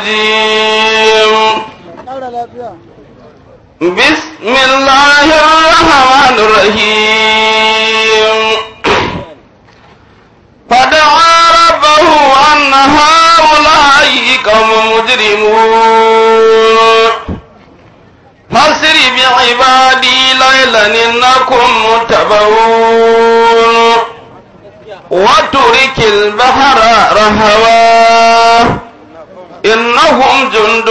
الرجيم بسم الله الرحمن الرحيم فدعا ربه أن هؤلاء قوم مجرمون فاسر بعبادي ليلا إنكم متبعون وترك البحر رهواه إنهم جند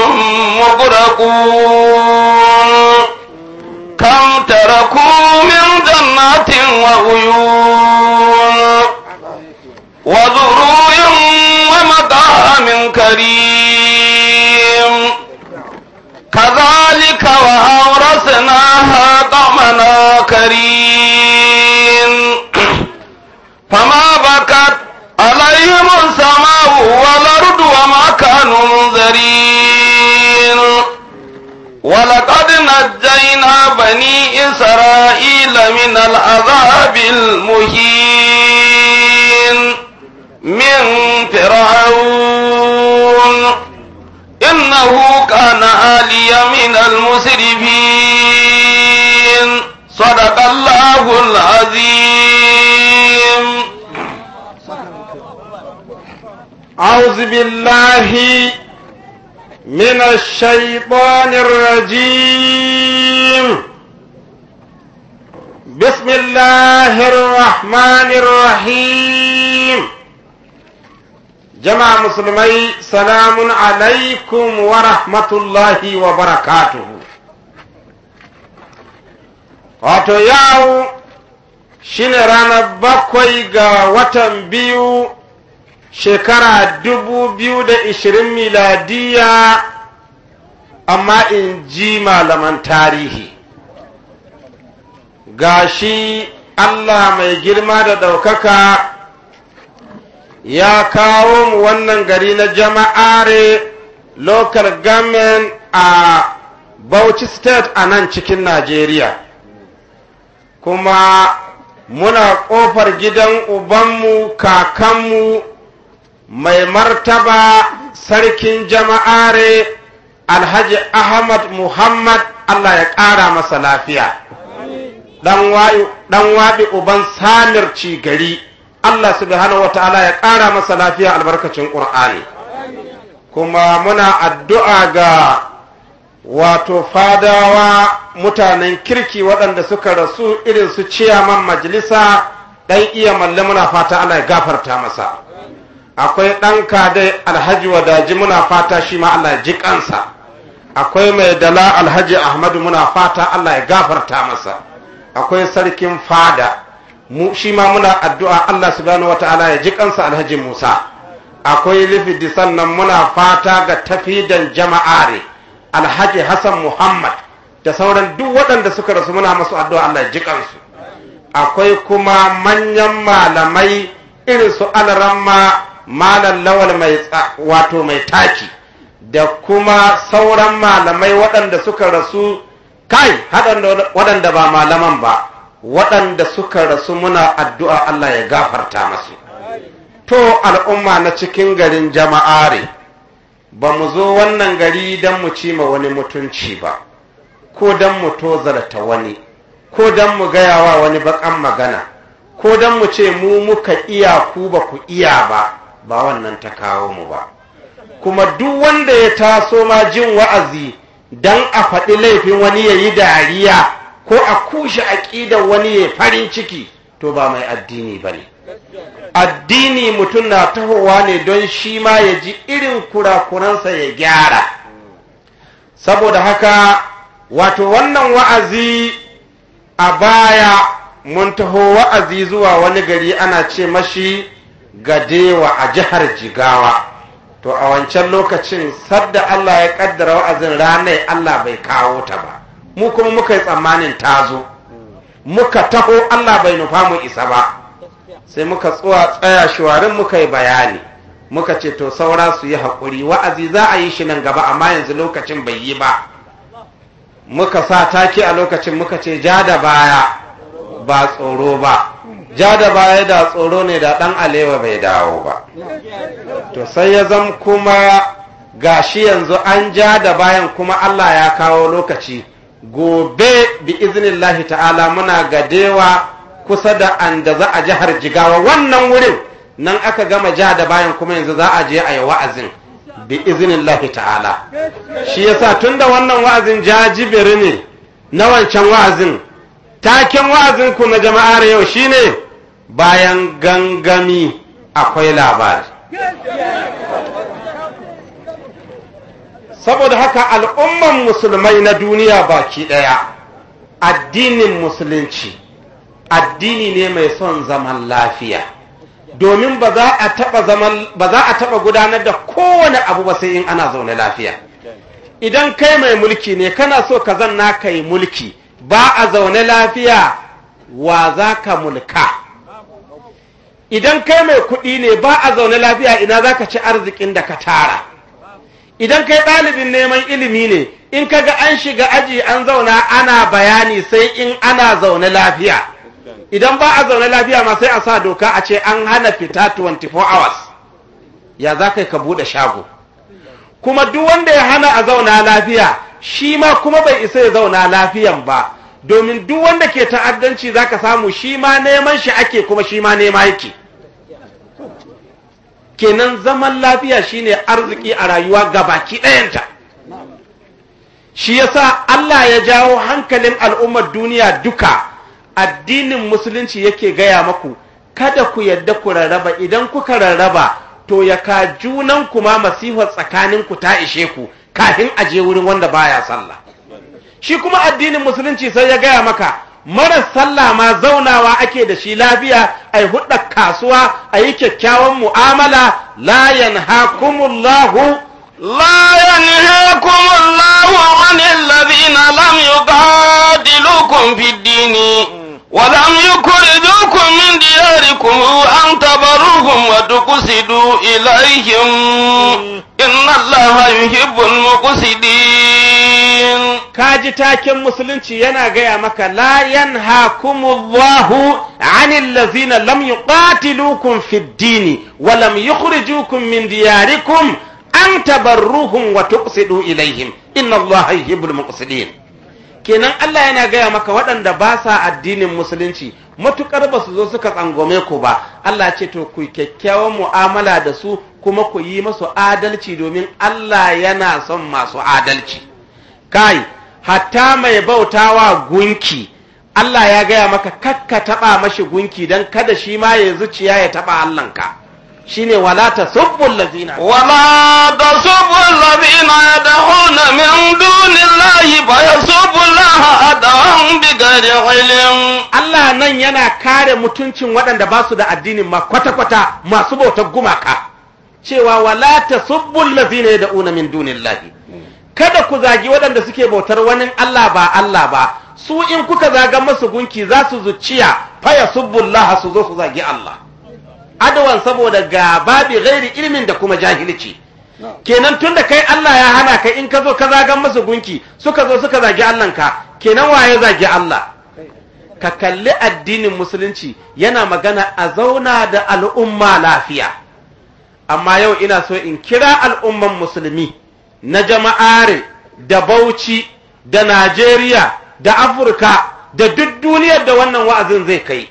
مغرقون كم تركوا من جنات وعيون وزروع ومطعم كريم كذلك وأورثناها قومنا كريم فما ولقد نجينا بني إسرائيل من العذاب المهين من فرعون إنه كان عاليا من المسرفين صدق الله العظيم أعوذ بالله من الشيطان الرجيم بسم الله الرحمن الرحيم جمع مسلمي سلام عليكم ورحمة الله وبركاته wato ياو شنران ranar bakwai shekara dubu biyu da ishirin miladiya amma in ji malaman tarihi gashi Allah mai girma da ɗaukaka ya kawo mu wannan gari na jama'are local government a Bauchi state a nan cikin Najeriya kuma muna ƙofar gidan ubanmu kakanmu mai martaba sarkin jama'are alhaji ahmad muhammad allah ya ƙara masa lafiya ɗan waɗi uban samir ci gari allah subhanahu wata'ala ya ƙara masa lafiya albarkacin ƙur'ani kuma muna addu'a ga wato fadawa mutanen kirki waɗanda suka rasu irin su ciyaman majalisa ɗan iya mallamuna muna fata ana gafarta masa akwai ɗanka dai alhaji wadaji muna fata shi ma Allah ji kansa akwai mai dala alhaji ahmadu muna fata Allah ya gafarta masa akwai sarkin fada mu shi ma muna addu'a Allah subhanahu wataala ya ji kansa alhaji musa akwai lifidi sannan muna fata ga tafidan jama'are alhaji hassan muhammad da sauran duk waɗanda suka rasu muna masu addu'a Allah ya ji kansu akwai kuma manyan malamai irin su alaramma malam lawal mai wato mai taki da kuma sauran malamai waɗanda suka rasu kai waɗanda ba malaman ba waɗanda suka rasu muna addu'a Allah ya gafarta masu to al'umma na cikin garin jama'are ba mu zo wannan gari don mu ci ma wani mutunci ba ko don mu tozarta wani ko don mu gayawa wani baƙan magana ko don mu ce mu muka iya ku ba ku iya ba ba wannan ta kawo mu ba kuma duk wanda ya taso ma jin wa'azi dan a faɗi laifin wani ya yi dariya ko a kushe aƙidar wani ya farin ciki to ba mai addini ba ne addini mutum na tahowa ne don shi ma ya ji irin kurakuransa ya gyara saboda haka wato wannan wa'azi a baya mun taho wa'azi zuwa wani gari ana ce mashi gadewa a jihar jigawa to a wancan lokacin sadda Allah ya kaddara wa'azin ranar Allah bai kawo ta ba mu kuma muka yi tsammanin ta zo muka taho Allah bai nufa mu isa ba sai muka tsuwa tsaya shawarin muka yi bayani muka ce to saura su yi haƙuri wa'azi za a yi shi nan gaba amma yanzu lokacin bai yi ba muka sa taki a lokacin muka ce ja da baya ba tsoro ba ja da baya da tsoro ne da ɗan alewa bai dawo ba to sai ya zam kuma gashi yanzu an ja da bayan kuma Allah ya kawo lokaci gobe bi iznillahi ta'ala muna gadewa kusa da anda za a jihar jigawa wannan wurin nan aka gama ja da bayan kuma yanzu za a je a yi wa'azin bi iznillahi ta'ala shi yasa tunda wannan wa'azin jajibiri ne na wancan wa'azin taken wa'azinku na jama'ar yau shine bayan gangami akwai labari saboda haka al'umman musulmai na duniya baki ɗaya addinin musulunci addini ne mai son zaman lafiya domin ba za a taɓa gudanar da kowane abu ba sai in ana zaune lafiya idan kai mai mulki ne kana so ka zanna ka yi mulki ba a zaune lafiya wa za ka mulka idan kai mai kuɗi ne ba a zaune lafiya ina za ka ci arzikin da ka tara idan kai ɗalibin neman ilimi ne in ka ga an shiga aji an zauna ana bayani sai in ana zaune lafiya idan ba a zaune lafiya ma sai a sa doka a ce an hana fita 24 hours ya za ka buɗe shago kuma duk wanda ya hana a zauna lafiya shi ma kuma bai isa ya zauna lafiyan ba domin duk wanda ke ta'addanci zaka samu shi ma neman shi ake kuma shi ma nema yake kenan zaman lafiya shine arziki a rayuwa gabaki ɗayanta shi yasa Allah ya jawo hankalin al'ummar duniya duka addinin musulunci yake gaya maku kada ku yadda ku rarraba idan kuka rarraba to ya ka junan kuma masihar tsakaninku ta ishe ku kafin aje wurin wanda baya sallah shi kuma addinin musulunci sai ya gaya maka Marar sallah ma zaunawa ake da shi lafiya ai huɗa kasuwa ayi kyakkyawan mu'amala la yanhakumullahu la yanhakumullahu anil ladina lam yuqadilukum fid-din wa lam yukhrijukum min diyarikum an tabarruhum wa tuqsidu ilayhim inna yuhibbul muqsidin kaji ka ji taken musulunci yana gaya maka la hakumullahu anil ladzina lam yuqatilukum fid dini wa lam yukhrijukum min diyarikum an tabarruhum wa tuqsidu ilaihim inna allaha yuhibbul muqsidin kenan Allah yana gaya maka waɗanda ba sa addinin musulunci matukar ba su zo suka tsangwame ku ba Allah ce to ku kyakkyawan mu'amala da su kuma ku yi masu adalci domin Allah yana son masu adalci kai hatta mai bautawa gunki Allah ya gaya maka kakka taɓa mashi gunki don kada shi ma ya zuciya ya taɓa Allahnka shine wala ta subbul ladina wala subbul ladina yadhuna min dunillahi fa yasubbullaha adan gari ilm Allah nan yana kare mutuncin waɗanda ba su da addinin ma kwata-kwata masu bautar gumaka cewa wala ta subbul ladina yadhuna min dunillahi kada ku zagi waɗanda suke bautar wani Allah ba Allah ba su in kuka zaga masu gunki za su zuciya faya subbullaha su zo su zagi Allah adawan saboda gaba babi ghairi ilmin da kuma jahilci kenan tunda kai Allah ya hana ka in ka zo ka zagan masu gunki suka zo suka zagi Allah ka kenan waye zagi Allah ka kalli addinin musulunci yana magana a zauna da al'umma lafiya amma yau ina so in kira al'umman musulmi na jama'are da bauchi da najeriya da afirka da duk duniyar da wannan wa'azin zai kai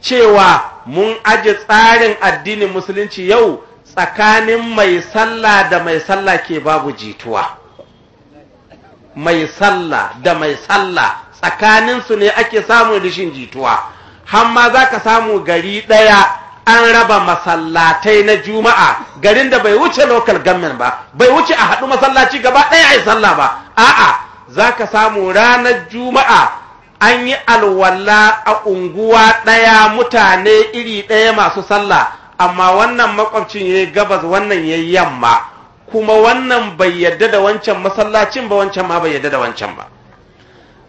cewa mun aje tsarin addinin musulunci yau tsakanin mai sallah da mai sallah ke babu jituwa mai sallah da mai sallah tsakaninsu ne ake samun rishin jituwa hamma za ka samu gari ɗaya an raba masallatai na juma'a garin da bai wuce local government ba bai wuce a haɗu masallaci gaba ɗaya a yi sallah ba a'a za ka samu ranar juma'a an yi alwala a unguwa ɗaya mutane iri ɗaya masu sallah amma wannan makwabcin ya yi gabas wannan ya yamma kuma wannan bai yadda da wancan masallacin ba wancan ma bai yadda da wancan ba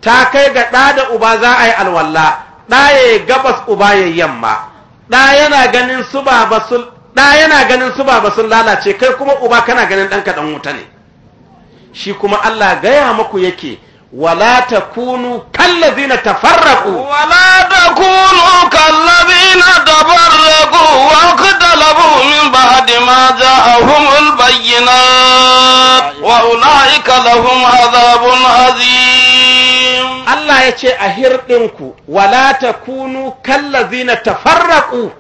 ta kai ga ɗa da uba za a yi alwala ɗa ya gabas uba ya yamma ɗa yana ganin su ba ba sun lalace kai kuma uba kana ganin ɗanka ɗan wuta ne shi kuma Allah gaya maku yake wala takunu kallazina tafarraqu wala takunu kallazina tafarraqu wa qadalabu min ba'di ma ja'ahumul bayyinat wa ulaika lahum azabun azim Allah ya ce a hirɗinku wala ta kunu kallazina farraƙu.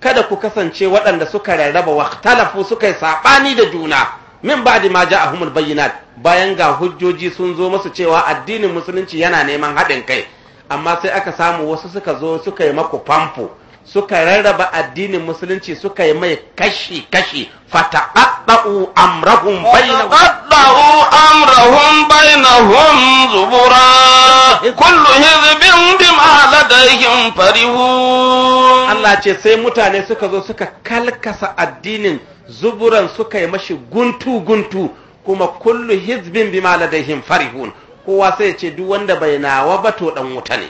kada ku kasance waɗanda suka rarraba talafu suka yi saɓani da juna min ba da maja a humul bayyanat, bayan ga hujjoji sun zo masu cewa addinin musulunci yana neman haɗin kai amma sai aka samu wasu suka zo suka yi maku famfo suka rarraba addinin musulunci suka yi mai kashi-kashi fata'adda'u amrahum bainahum fata'adda'u bainahum zubura kullu hizbin bima ladaihim farihun Allah ce sai mutane suka zo suka kalkasa addinin zuburan suka yi mashi guntu-guntu kuma kullu hizbin bima ladaihim farihun kowa sai ce duk wanda bai nawa ba to ɗan wuta ne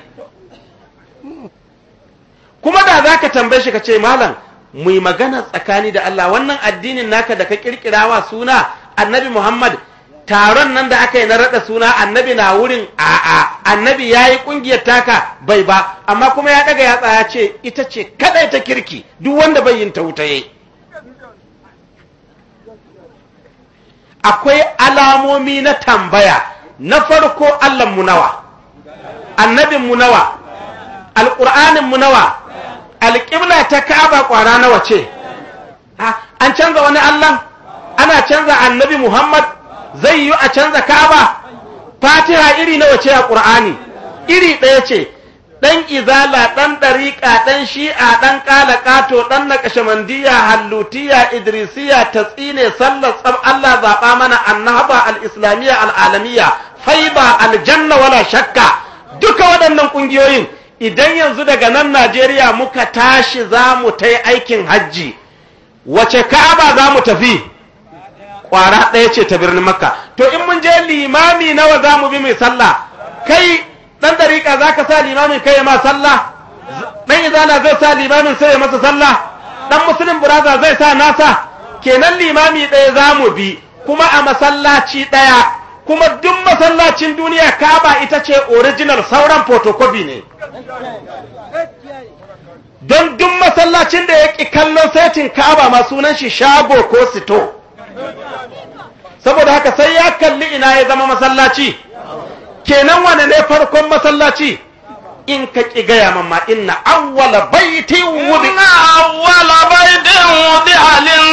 kuma da za ka tambaye shi ka ce malam mu yi magana tsakani da Allah wannan addinin naka da ka kirkira wa suna annabi Muhammad taron nan da aka yi na raɗa suna annabi na wurin a'a annabi ya yi ƙungiyar taka bai ba amma kuma ya ɗaga yatsa ya ce ita ce kaɗai ta kirki duk wanda bai yin ta wutaye akwai alamomi na tambaya na farko Allahnmu nawa annabinmu nawa alƙur'aninmu nawa alƙibla ta kaba ƙwara nawa ce an canza wani Allah? ana canza annabi muhammad zai yi a canza kaba fatiha iri nawa ce a ƙur'ani iri ɗaya ce ɗan izala ɗan ɗariƙa ɗan shi'a ɗan ƙalaƙato ɗan naƙashamandiya hallutiya idrisiya tatsine sallar tsab allah zaɓa mana annaba, al-islamiyya al-alamiya faiba aljanna wala shakka duka waɗannan ƙungiyoyin idan yanzu daga nan Najeriya muka tashi za mu ta yi aikin hajji wace ka'aba za mu tafi ƙwara ɗaya ce ta birnin makka to in mun je limami nawa za mu bi mai sallah kai ɗan dariƙa za ka sa limamin kai ma sallah ɗan izana zai sa limamin sai ya masa sallah ɗan musulun buraza zai sa nasa kenan limami ɗaya za mu bi kuma a masallaci ɗaya kuma duk masallacin duniya kaba ita ce original sauran photocopy ne don duk masallacin da ya ƙi kallon setin kaba ma sunan shi shago ko sito saboda haka sai ya kalli ina ya zama masallaci kenan wane ne farkon masallaci in ka ƙi gaya mamma inna awwala baitin wudi awwala baitin wudi halin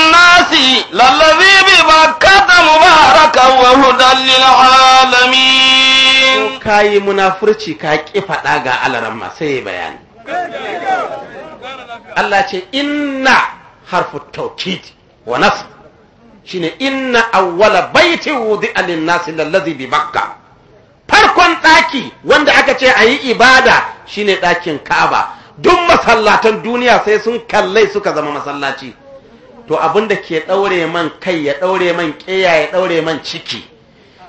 Lallabibi ba kaɗa mu ma raka wa mu ɗanlina halamin. Don kayi munafurci ka ƙi faɗa ga al'adar mu, sai ya bayani. Allah ce in na harfu toki wanasu, shine in na awala baitin hudu al'innasi da lazimi baka. Farkon ɗaki wanda aka ce a yi ibada shine ɗakin ka'aba, duk masallatan duniya sai sun kallai suka zama masallaci. to abin da ke ɗaure man kai ya ɗaure man ƙeya ya ɗaure man ciki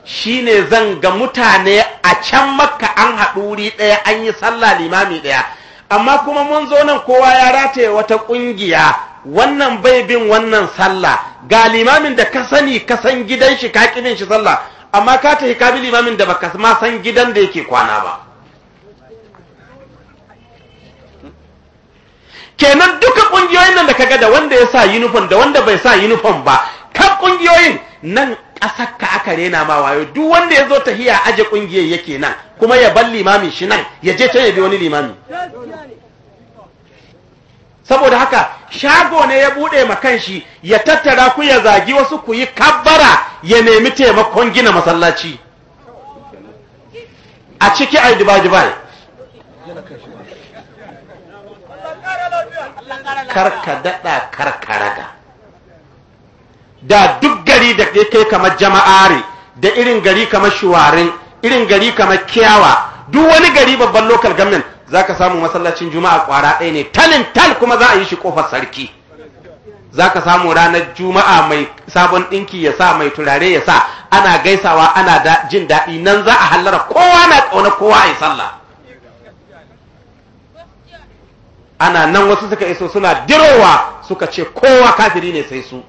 shi ne zan ga mutane a can makka an haɗu wuri ɗaya an yi sallah limami ɗaya amma kuma mun zo nan kowa ya rataye wata ƙungiya wannan bai bin wannan sallah ga limamin da ka sani ka san gidan shi ka ƙi shi sallah amma ka tafi ka bi limamin da baka ma san gidan da yake kwana ba kenan duka ƙungiyoyin nan da kaga da wanda ya sa uniform da wanda bai sa uniform ba kan ƙungiyoyin nan ƙasar ka aka rena ma wayo duk wanda ya zo ta hiya aje kungiyar yake nan kuma ya bar limamin shi nan ya je can ya bi wani limami saboda haka shago ne ya bude ma kanshi ya tattara ku ya zagi wasu ku yi kabbara ya nemi taimakon gina masallaci a ciki ai dubai dubai karka daɗa karka raga da duk gari da kai kamar jama'are da irin gari kamar shuwarin irin gari kamar kyawa duk wani gari babban local government za ka samu masallacin juma'a kwara ɗaya ne talin tal kuma za a yi shi kofar sarki za ka samu ranar juma'a mai sabon ɗinki ya sa mai turare ya sa ana gaisawa ana jin daɗi nan za a hallara kowa na ƙauna kowa a yi sallah ana nan wasu suka iso suna dirowa suka ce kowa kafiri ne sai su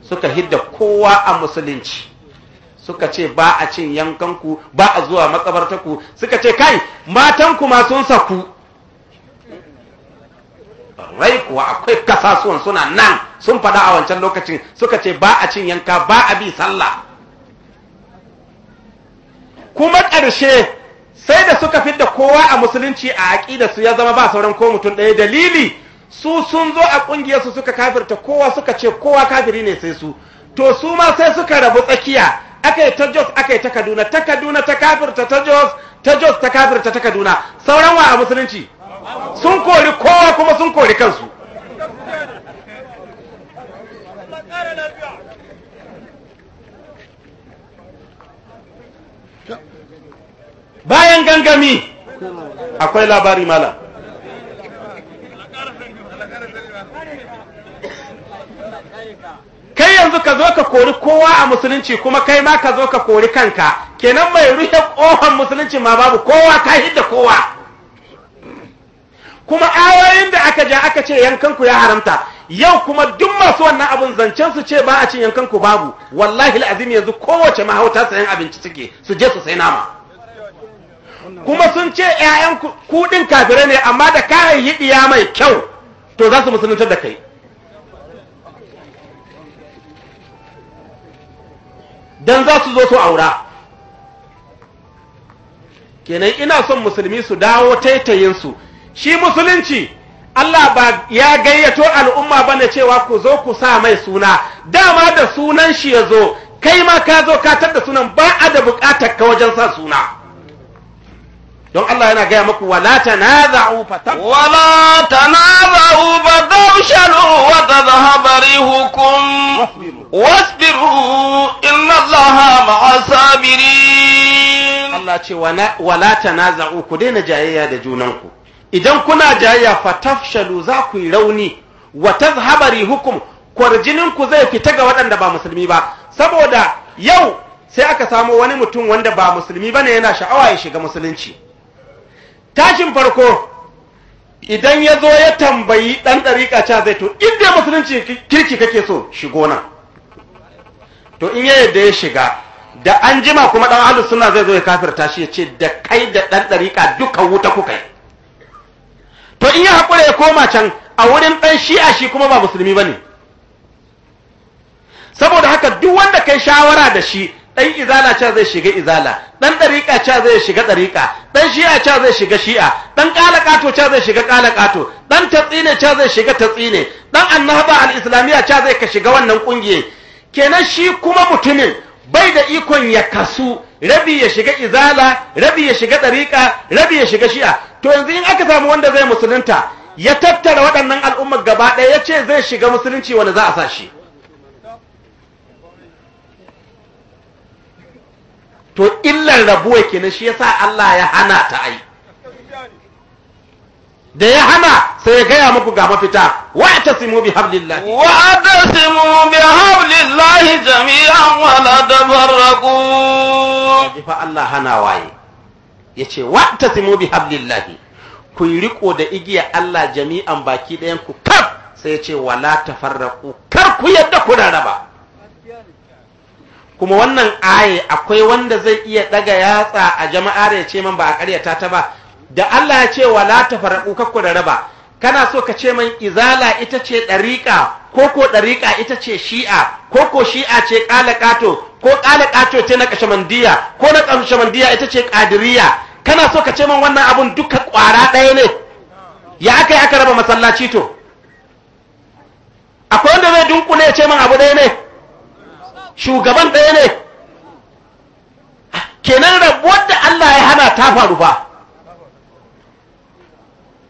suka hidda kowa a musulunci suka ce ba a cin yankanku ba a zuwa matsabartaku suka ce kai matanku ma sun saku rai kuwa akwai kasasuwan suna nan sun faɗa a wancan lokacin suka ce ba a cin yanka ba a bi sallah kuma ƙarshe sai da suka fidda kowa a musulunci a aƙida su ya zama ba sauran ko mutum ɗaya dalili su sun zo a ƙungiyarsu suka kafirta kowa suka ce kowa kafiri ne sai su to su ma sai suka rabu tsakiya aka yi ta jos aka yi ta kaduna ta kaduna ta kafirta ta jos ta jos ta kafirta ta kaduna sauran wa a musulunci sun kori kowa kuma sun kori kansu bayan gangami akwai labari mala kai yanzu ka zo ka kori kowa a musulunci kuma kai ma ka zo ka kori kanka kenan mai rufe kohon musulunci ma babu kowa ka hidda kowa kuma ayoyin da aka ja aka ce yankanku ya haramta yau kuma duk masu wannan abin zancen su ce ba a cin yankanku babu wallahi al'azim yanzu kowace mahauta sayan abinci suke su je su sai nama kuma sun ce 'ya'yan kuɗin kafirai ne amma da kayan hidiya mai kyau to za su musuluntar da kai Don za su zo su aura kenan ina son musulmi su dawo taitayinsu shi musulunci Allah ba ya gayyato al'umma bane cewa ku zo ku sa mai suna dama da sunan shi ya zo kai ma ka zo ka da sunan ba a da bukatar ka wajen sa suna don Allah yana gaya maku wala tanaza'u fatab wala tanaza'u fatabshalu wa tadhhaba rihukum wasbiru inna Allaha ma'as sabirin Allah ce wala tanaza'u ku daina jayayya da junanku idan kuna jayayya fatafshalu za ku yi rauni wa tadhhaba rihukum kwarjinin ku zai fita ga waɗanda ba musulmi ba saboda yau sai aka samo wani mutum wanda ba musulmi bane yana sha'awa ya shiga musulunci tashin farko idan ya zo ya tambayi ɗan ɗariƙa ca zai to inda musulunci kirki kake so shigo nan to in ya yadda ya shiga da an jima kuma ɗan ahlus suna zai zo ya kafir shi ya ce da kai da ɗan ɗariƙa duka wuta kuka yi to in ya haƙura ya koma can a wurin ɗan shi a shi kuma ba musulmi ba ne saboda haka duk wanda kai shawara da shi dan izala cha zai shiga izala dan dariqa cha zai shiga dariqa dan shi'a cha zai shiga shi'a dan qalaqato cha zai shiga qalaqato dan tatsine cha zai shiga tatsine dan annahba al-islamiyya cha zai ka shiga wannan kungiye kenan shi kuma mutumin bai da ikon ya kasu rabi ya shiga izala rabi ya shiga dariqa rabi ya shiga shi'a to yanzu in aka samu wanda zai musulunta ya tattara waɗannan al'ummar gaba ɗaya ya ce zai shiga musulunci wanda za a sa shi to illar rabuwa kenan shi yasa Allah ya hana ta ai da ya hana sai ya gaya muku ga mafita wa tasimu bi hablillah wa tasimu bi hablillah jami'an wa la tafarraqu fa Allah hana waye yace wa tasimu bi hablillah ku riko da igiya Allah jami'an baki ɗayan ku kar sai yace wa la tafarraqu kar ku yadda ku raba kuma wannan aye akwai wanda zai iya daga yatsa a jama'ar ya ce man ba a karyata ta ba da Allah ya ce wa la tafarqu kakku da raba kana so ka ce man izala ita ce ɗariƙa ko ko ɗariƙa ita ce shi'a ko ko shi'a ce ƙala ƙato ko ƙala ƙato ce na kashmandiya ko na kashmandiya ita ce ƙadiriya kana so ka ce man wannan abun duka kwara ɗaya ne ya aka yi aka raba masallaci to akwai wanda zai dunkule ya ce man abu ɗaya ne shugaban ɗaya ne kenan rabuwar da Allah ya hana ta faru ba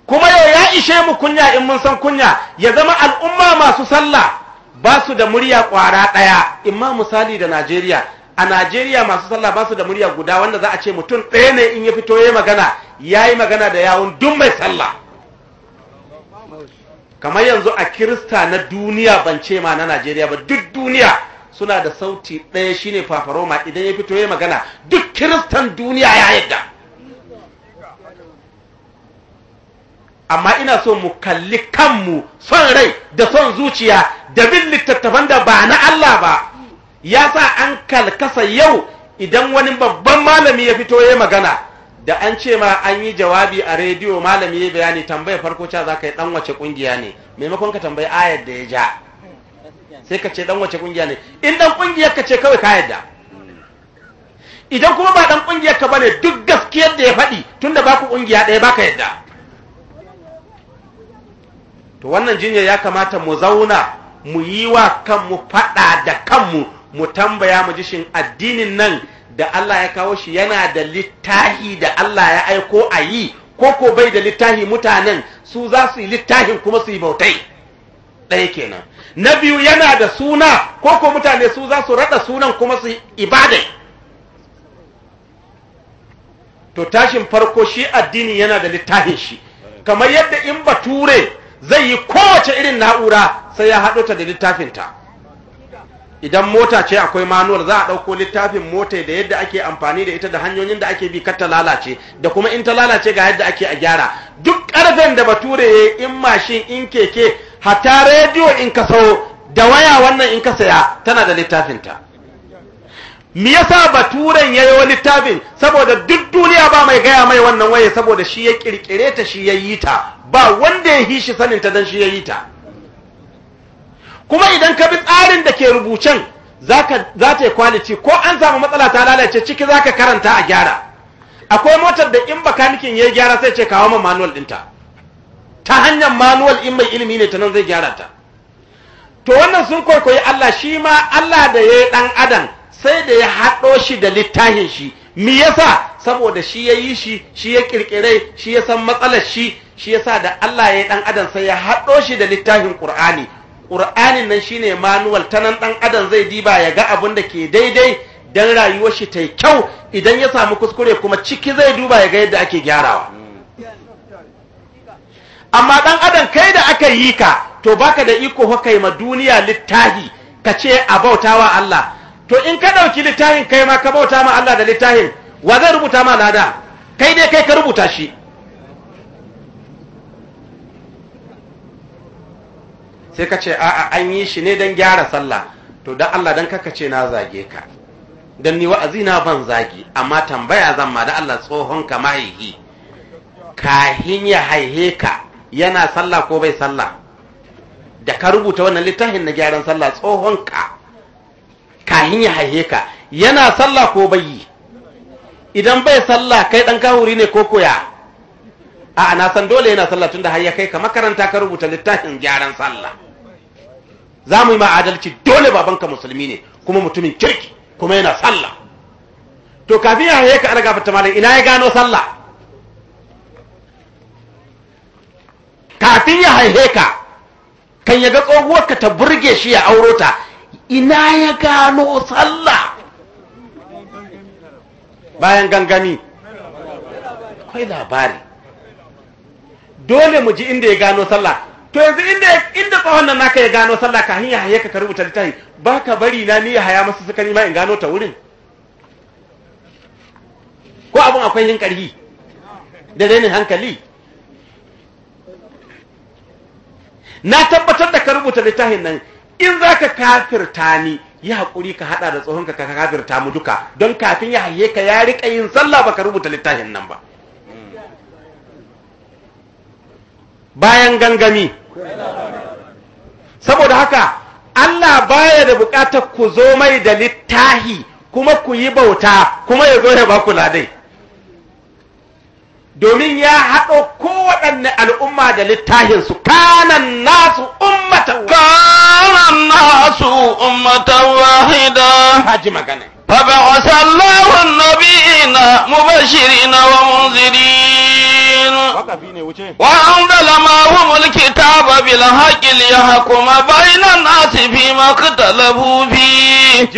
kuma yau ya ishe mu kunya in mun san kunya ya zama al'umma masu sallah ba su da murya ƙwara ɗaya In ma misali da Najeriya a Najeriya masu sallah ba su da murya guda wanda za a ce mutum ɗaya ne in ya fito ya yi magana ya yi magana da yawon duk mai sallah kamar yanzu a kirista na duniya ban ce ma na Najeriya ba duk duniya suna da sauti ɗaya shine fafaroma idan ya fito ya magana duk kiristan duniya ya yadda amma ina so mu kalli kanmu son rai da son zuciya da bin littattafan da ba na Allah ba ya sa an kalkasa yau idan wani babban malami ya fito ya magana da an ce ma an yi jawabi a rediyo malami ya bayani tambaya farko ca za ka yi dan wace kungiya ne maimakon ka tambayi ayar da ya ja sai ka ce dan wace kungiya ne in dan kungiyar ka ce kawai ka yadda idan kuma ba ɗan kungiyar ka ne duk gaskiyar da ya faɗi tunda ba ku kungiya ɗaya ba ka yadda to wannan jinyar ya kamata mu zauna mu yi wa kanmu faɗa da kanmu mu tambaya mu ji shin addinin nan da Allah ya kawo shi yana da littahi da Allah ya aiko a yi ko ko bai da littahi mutanen su za su yi littahin kuma su yi bautai ɗaya kenan na biyu yana da suna ko ko mutane su za su rada sunan kuma su ibadai to tashin farko shi addini yana da littafin shi kamar yadda in bature zai yi kowace irin na'ura sai ya haɗo ta da littafinta idan mota ce akwai manuwar za a ɗauko littafin mota da yadda ake amfani da ita da hanyoyin da ake bi kar ta lalace da kuma in ta lalace ga yadda ake a gyara duk ƙarfen da bature ya yi in mashin in keke hatta rediyo in ka sau da waya wannan in ka saya tana da littafinta me yasa baturen yi wa littafin saboda duk duniya ba mai gaya mai wannan waye saboda shi ya kirkire ta shi ya yi ta ba wanda ya hishi sanin ta dan shi ya yi ta kuma idan ka bi tsarin da ke rubucen za ta yi kwalici ko an samu matsala ta lalace ciki za ka karanta a gyara akwai motar da in bakanikin ya yi gyara sai ce kawo ma manual ɗinta ta hanyar manuwal in mai ilimi ne ta nan zai gyara ta to wannan sun kwaikwayi Allah shi ma Allah da ya yi ɗan adam sai da ya haɗo shi da littafin shi me yasa saboda shi ya yi shi shi ya ƙirƙirai, shi ya san matsalar shi shi yasa da Allah ya yi ɗan adam sai ya haɗo shi da littahin ƙur'ani ƙur'anin nan shine manuwal ta nan ɗan adam zai diba ya ga abin da ke daidai dan rayuwar shi ta kyau idan ya samu kuskure kuma ciki zai duba ya ga yadda ake gyarawa amma dan adam kai da aka yi ka to baka da iko yi ma duniya littahi ka ce a bautawa Allah to in ka ɗauki littahin kai ma ka bauta ma Allah da littahin wa zai rubuta ma lada kai dai kai ka rubuta shi sai ka ce a'a an yi shi ne don gyara sallah to dan Allah dan kaka ce na zage ka dan ni wa'azi na ban zagi amma tambaya zan ma da Allah tsohon ka mahaihi kahin ya haihe ka yana sallah ko bai sallah da ka rubuta wannan littafin na gyaran sallah tsohon ka kahin ya haihe ka yana sallah ko bai yi idan bai sallah kai dan kawuri ne ko koya a na san dole yana sallah tunda har ya kai ka makaranta ka rubuta littafin gyaran sallah za mu yi ma'adalci dole babanka musulmi ne kuma mutumin kirki kuma yana sallah to kafin ya haihe ka ana gafata malam ina ya gano sallah kafin ya haihe ka kan ya ga tsohuwar ka ta burge shi ya auro ta ina ya gano sallah bayan gangami akwai labari dole mu ji inda ya gano sallah to yanzu inda inda tsawon nan naka ya gano sallah ka hanya haye ka rubuta littafi ba ka bari na ni ya haya masu suka ma in gano ta wurin ko abin akwai yin karhi da dainin hankali na tabbatar da ka rubuta littafin nan in za ka kafirta ni yi hakuri ka haɗa da tsohonka ka kafirta mu duka don kafin ya haye ka ya riƙa yin sallah ba ka rubuta littafin nan ba bayan gangami saboda haka Allah baya da buƙatar ku zo mai da littafi kuma ku yi bauta kuma ya zo ya ba ku ladai domin ya haɗo kowaɗanne al'umma da littahinsu kanan nasu ummatan kanan nasu ummata wahida haji magana فبعث الله النبيين مبشرين ومنذرين وأنزل معهم الكتاب بالحق ليحكم بين الناس فيما اختلفوا فيه.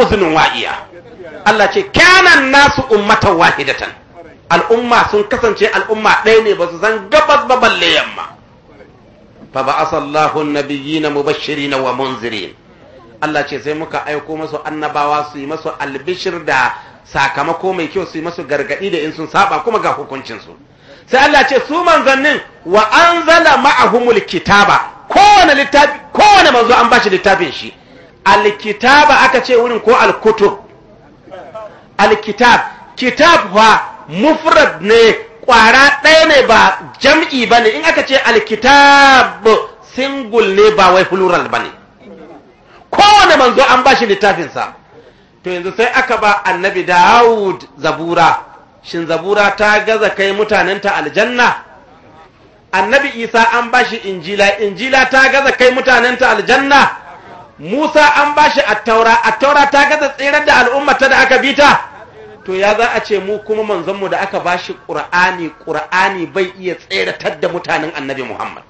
أذن واعية. الله كان الناس أمة واحدة. al'umma sun kasance al'umma ɗaya ne ba su san gabas ba balle yamma fa ba'asa Allahu an-nabiyyina na wa munzirin Allah ce sai muka aiko masu annabawa su yi masu albishir da sakamako mai kyau su yi masu gargaɗi da in sun saba kuma ga hukuncinsu. su sai Allah ce su manzannin wa anzala ma'ahumul kitaba kowane littafi kowane manzo an bashi littafin shi alkitaba aka ce wurin ko alkutub alkitab kitab wa mufrad ne kwara ɗaya ne ba jam'i ba ne in aka ce alkitab singul ne ba wai plural ba ne kowane manzo an ba shi littafinsa to yanzu sai aka ba annabi daud zabura shin zabura ta gaza kai mutanenta aljanna annabi isa an ba shi injila injila ta gaza kai mutanenta aljanna musa an ba shi attaura attaura ta gaza tsirar da al'ummata da aka bita to ya za a ce mu kuma manzanmu da aka ba shi ƙura'ani, ƙura'ani bai iya tseratar da mutanen annabi muhammad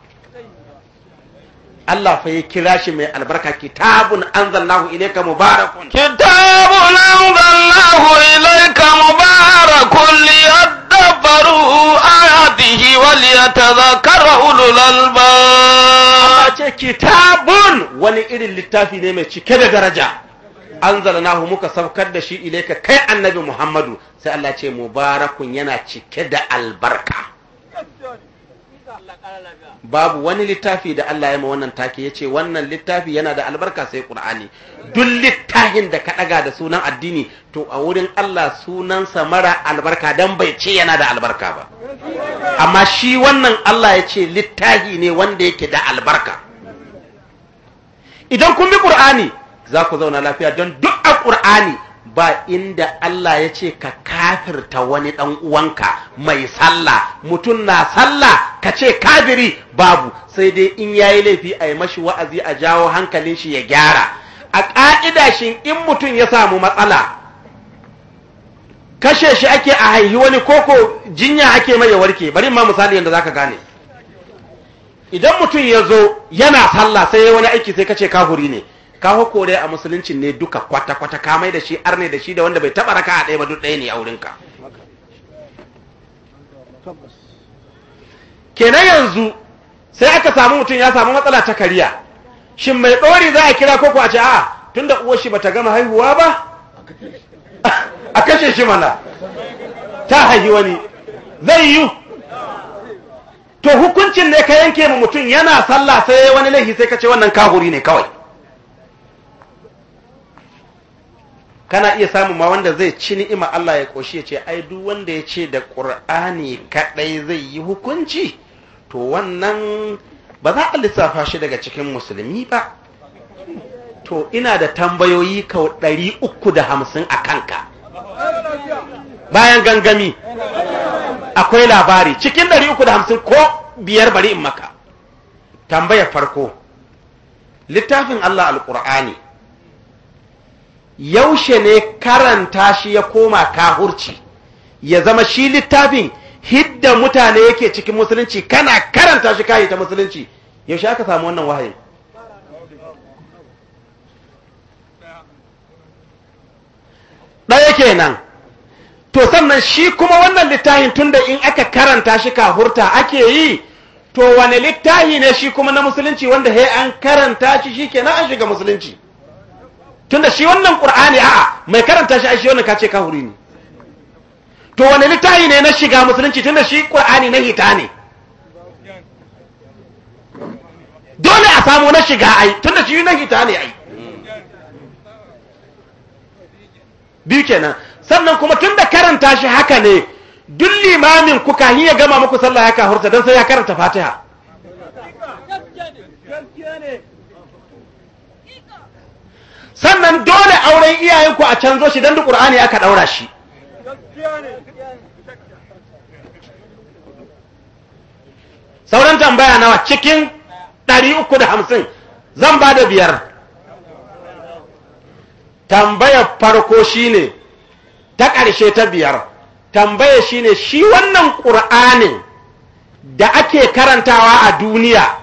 Allah fa ya kira shi mai albarka kitabun anzalnahu ilayka mubarakun kitabun anzalnahu ilayka mubarakun liyadabbaru ayatihi wa liyatadhakkara ulul albab Allah ce kitabun wani irin littafi ne mai cike da daraja anzalnahu muka saukar da shi ka kai annabi Muhammadu sai Allah ce mubarakun yana cike da albarka babu wani littafi da Allah ya ma wannan take yace wannan littafi yana da albarka sai Qur'ani duk littafin da ka daga da sunan addini to a wurin Allah sunansa mara albarka dan bai ce yana da albarka ba amma shi wannan Allah ya ce littafi ne wanda yake da albarka idan kun bi Qur'ani za ku zauna lafiya don duk a ƙur'ani ba inda Allah ya ce ka kafirta wani ɗan uwanka mai sallah mutum na sallah ka ce kafiri babu sai dai in ya yi laifi a yi mashi wa'azi a jawo hankalin shi ya gyara a ƙa'ida shi in mutum ya samu matsala kashe shi ake a haihi wani koko jinya ake mai ya warke bari ma misali yadda ka gane idan mutum ya zo yana sallah sai wani aiki sai ka kace kafuri ne ka dai a musuluncin ne duka kwata kwata ka mai da shi arne da shi da wanda bai taba raka a ɗaya ba duk ɗaya ne a wurinka kenan yanzu sai aka samu mutum ya samu matsala ta kariya shin mai tsori za a kira koko a ce a da uwar shi ba ta gama haihuwa ba a kashe shi mana ta haihi wani zai yi to hukuncin ne ka yanke mu mutum yana sallah sai wani laifi sai ka ce wannan kahuri ne kawai kana iya samun ma wanda zai ci ni'ima Allah ya koshi ya ce ai duk wanda ya ce da Qur'ani kaɗai zai yi hukunci to wannan ba za a lissafa shi daga cikin musulmi ba to ina da tambayoyi kau ɗari uku da hamsin a kanka bayan gangami akwai labari cikin ɗari uku da hamsin ko biyar bari in maka tambayar farko littafin Allah al alƙur'ani yaushe ne karanta shi ya koma kahurci ya zama shi littafin hidda mutane yake cikin musulunci kana karanta shi kayi ta musulunci yaushe aka samu wannan wahayi ɗaya kenan to sannan shi kuma wannan littafin tunda in aka karanta shi kahurta ake yi to wane littafi ne shi kuma na musulunci wanda he an karanta shi shi kenan an shiga musulunci tunda shi wannan qur'ani a'a mai karanta shi ai wannan kace kahuri ne to wani littafi ne na shiga musulunci tunda shi qur'ani na hita ne dole a samu na shiga ai tunda shi na hita ne ai biyu kenan sannan kuma tunda karanta shi haka ne duk limamin kuka hiya ya gama muku sallah ya kahurta dan sai ya karanta fatiha sannan dole auren iyayenku a canzo shi don da ƙur'ani aka ɗaura shi sauran tambaya nawa cikin ɗari da hamsin zan ba da biyar tambayar farko shine ta ƙarshe ta biyar tambaya shine shi wannan ƙur'anin da ake karantawa a duniya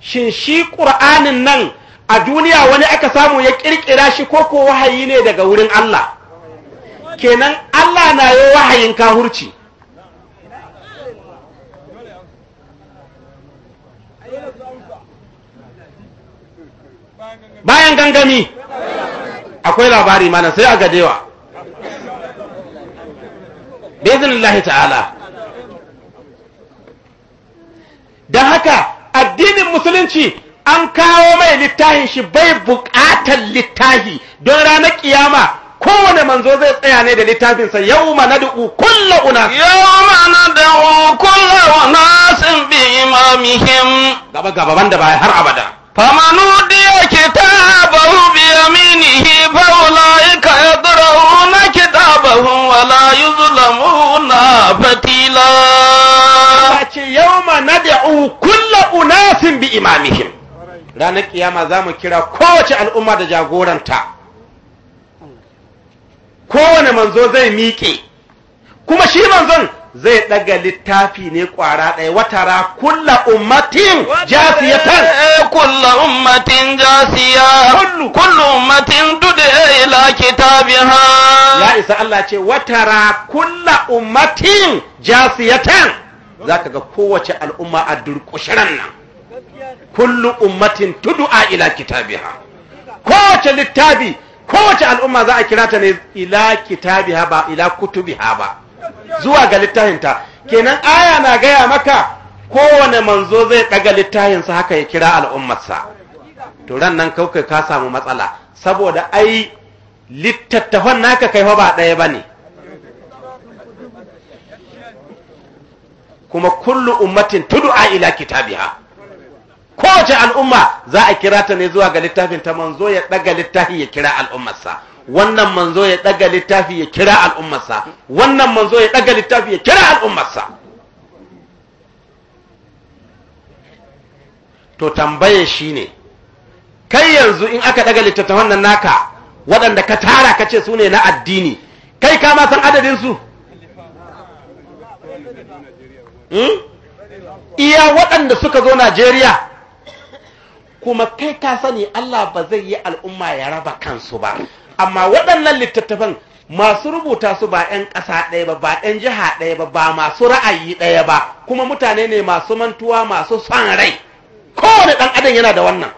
shin shi ƙur'anin nan a duniya wani aka samu ya kirkira shi ko ko wahayi ne daga wurin Allah kenan Allah na yi wahayin kahurci bayan gangami akwai labari mana sai a gadewa bezin ta'ala Da haka addinin musulunci an kawo mai littahin shi bai buƙatar littahi don ranar kiyama kowane manzo zai tsaya ne da littafinsa yau ma na duku kulla una yau ma na da'u kulla una sun bi imamihim gaba gaba banda ba har abada faman ta kitabahu bi yaminihi fa ulaika yadra'una kitabahu wala yuzlamuna fatila ce yau ma na da'u kulla sun bi imamihim ranar kiyama za mu kira kowace al'umma da jagoranta kowane manzo zai miƙe kuma shi manzon zai ɗaga littafi ne ƙwara ɗaya watara kulla ummatin jasiyatan kulla ummatin jasiya kullu ummatin dude ila kitabiha ya isa Allah ce watara kulla ummatin jasiyatan zaka ga kowace al'umma a durƙushiran nan kullu ummatin tudu'a ila kitabiha kowace littafi kowace al'umma za a kira ta ne ila kitabiha ba ila kutubiha ba zuwa ga littafinta kenan aya na gaya maka kowane manzo zai daga littafinsa haka ya kira al'ummarsa to ran nan kaukai ka samu matsala saboda ai littattafan naka kai ba ɗaya ba ne. kuma kullu ummatin tudu'a ila kitabiha kowace al'umma za a kira ta ne zuwa ga littafin ta manzo ya daga littafi ya kira al'ummarsa wannan manzo ya daga littafi ya kira al'ummarsa wannan manzo ya daga littafi ya kira al'ummarsa to tambaye shine kai yanzu in aka daga littafi wannan naka waɗanda ka tara ka ce su ne na addini kai ka ma san adadinsu hmm? iya waɗanda suka zo najeriya kuma kai ka sani Allah ba zai yi al'umma ya raba kansu ba amma waɗannan littattafan masu rubuta su ba 'yan ƙasa ɗaya ba ba 'yan jiha ɗaya ba ba masu ra'ayi ɗaya ba kuma mutane ne masu mantuwa masu son rai kowane ɗan adam yana da wannan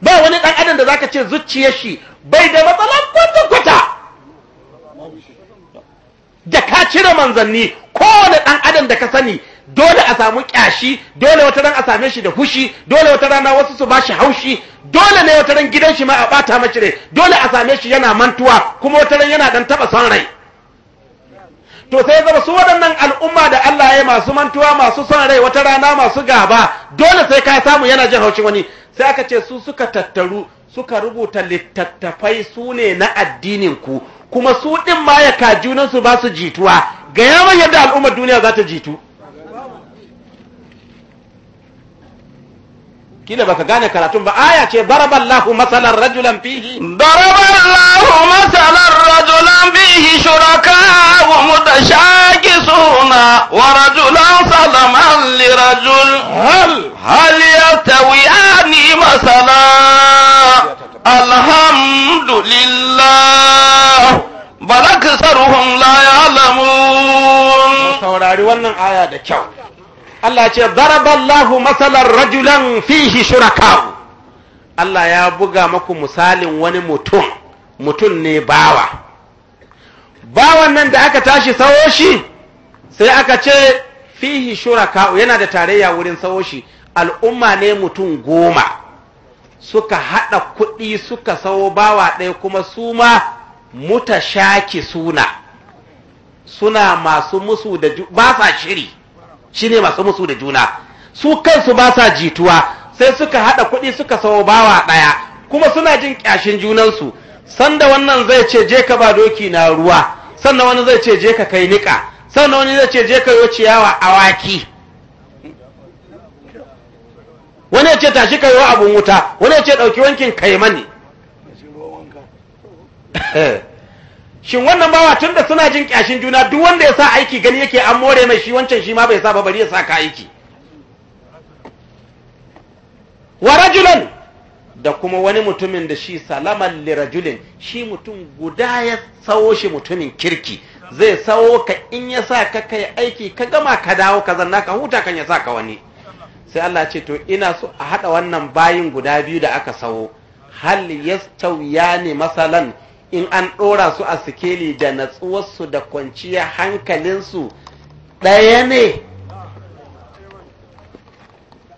ba wani ɗan adam da ka ce zuciyar shi bai da matsalar kwata-kwata da ka cire manzanni kowane ɗan adam da ka sani dole a samu kyashi dole wata ran a same shi da hushi dole wata rana wasu su bashi haushi dole ne wata ran gidan shi ma a bata mace rai dole a same shi yana mantuwa kuma wata ran yana dan taba son rai to sai zama su waɗannan al'umma da Allah ya masu mantuwa masu son rai wata rana masu gaba dole sai ka samu yana jin haushin wani sai aka ce su suka tattaru suka rubuta littattafai su ne na addinin ku kuma su ɗin ma ya su ba su jituwa ga yawan yadda al'ummar duniya za ta jitu kila baka gane karatun ba aya ce daraballahu masalan rajulan fihi daraballahu masalan rajulan fihi shuraka wa mutashakisuna wa rajulan salaman li rajul hal hal yatawiyani masala alhamdulillah bal aksaruhum la ya'lamun saurari wannan aya da kyau Allah ce daraballahu masalan rajulan fihi shuraka Allah ya buga maku misalin wani mutum mutum ne bawa bawan nan da aka tashi sawo shi sai aka ce fihi shuraka yana da tarayya wurin sawo shi al'umma ne mutum goma suka haɗa kuɗi suka sawo bawa ɗaya kuma su ma mutashaki suna suna masu musu da ba sa shiri Shi ne masu musu da juna su kansu ba sa jituwa sai suka hada kuɗi suka sawo bawa ɗaya kuma suna jin ƙyashin junansu sanda wannan zai ce je ka ba doki na ruwa sanda wani zai ce je ka kai niƙa sanda wani zai ce je ka yo ciyawa awaki wani ya ce tashi ka wa abun wuta wani ya ce ɗauki wankin kai mani shin wannan bawa tun da suna jin kyashin juna duk wanda ya sa aiki gani yake an more mai shi wancan shi ma bai sa ba bari ya sa ka aiki wa rajulan da kuma wani mutumin da shi salaman li rajulin shi mutum guda ya sawo shi mutumin kirki zai sawo ka in ya sa ka kai aiki ka gama ka dawo ka zanna ka huta kan ya sa ka wani sai Allah ce to ina so a haɗa wannan bayin guda biyu da aka sawo hal yastawiyani masalan in an ɗora su a sikeli da natsuwarsu da kwanciya hankalinsu ɗaya ne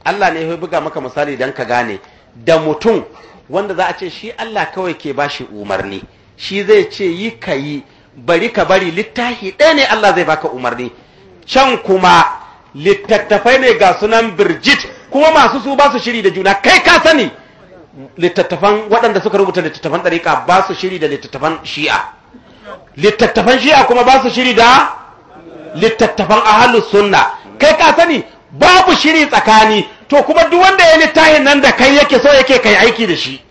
Allah ne ya buga maka misali don ka gane da mutum wanda za a ce shi Allah kawai ke ba shi umarni shi zai ce yi ka yi bari ka bari littafi ɗaya ne Allah zai baka umarni can kuma littattafai ne ga sunan birjit kuma masu su ba su shiri da juna kai ka sani littattafan waɗanda suka rubuta littattafan ɗariƙa ba su shiri da littattafan shi'a littattafan shi'a kuma ba su shiri da littattafan ahalus sunna kai ka sani babu shiri tsakani to kuma duk wanda ya littafin nan da kai yake so yake kai aiki da shi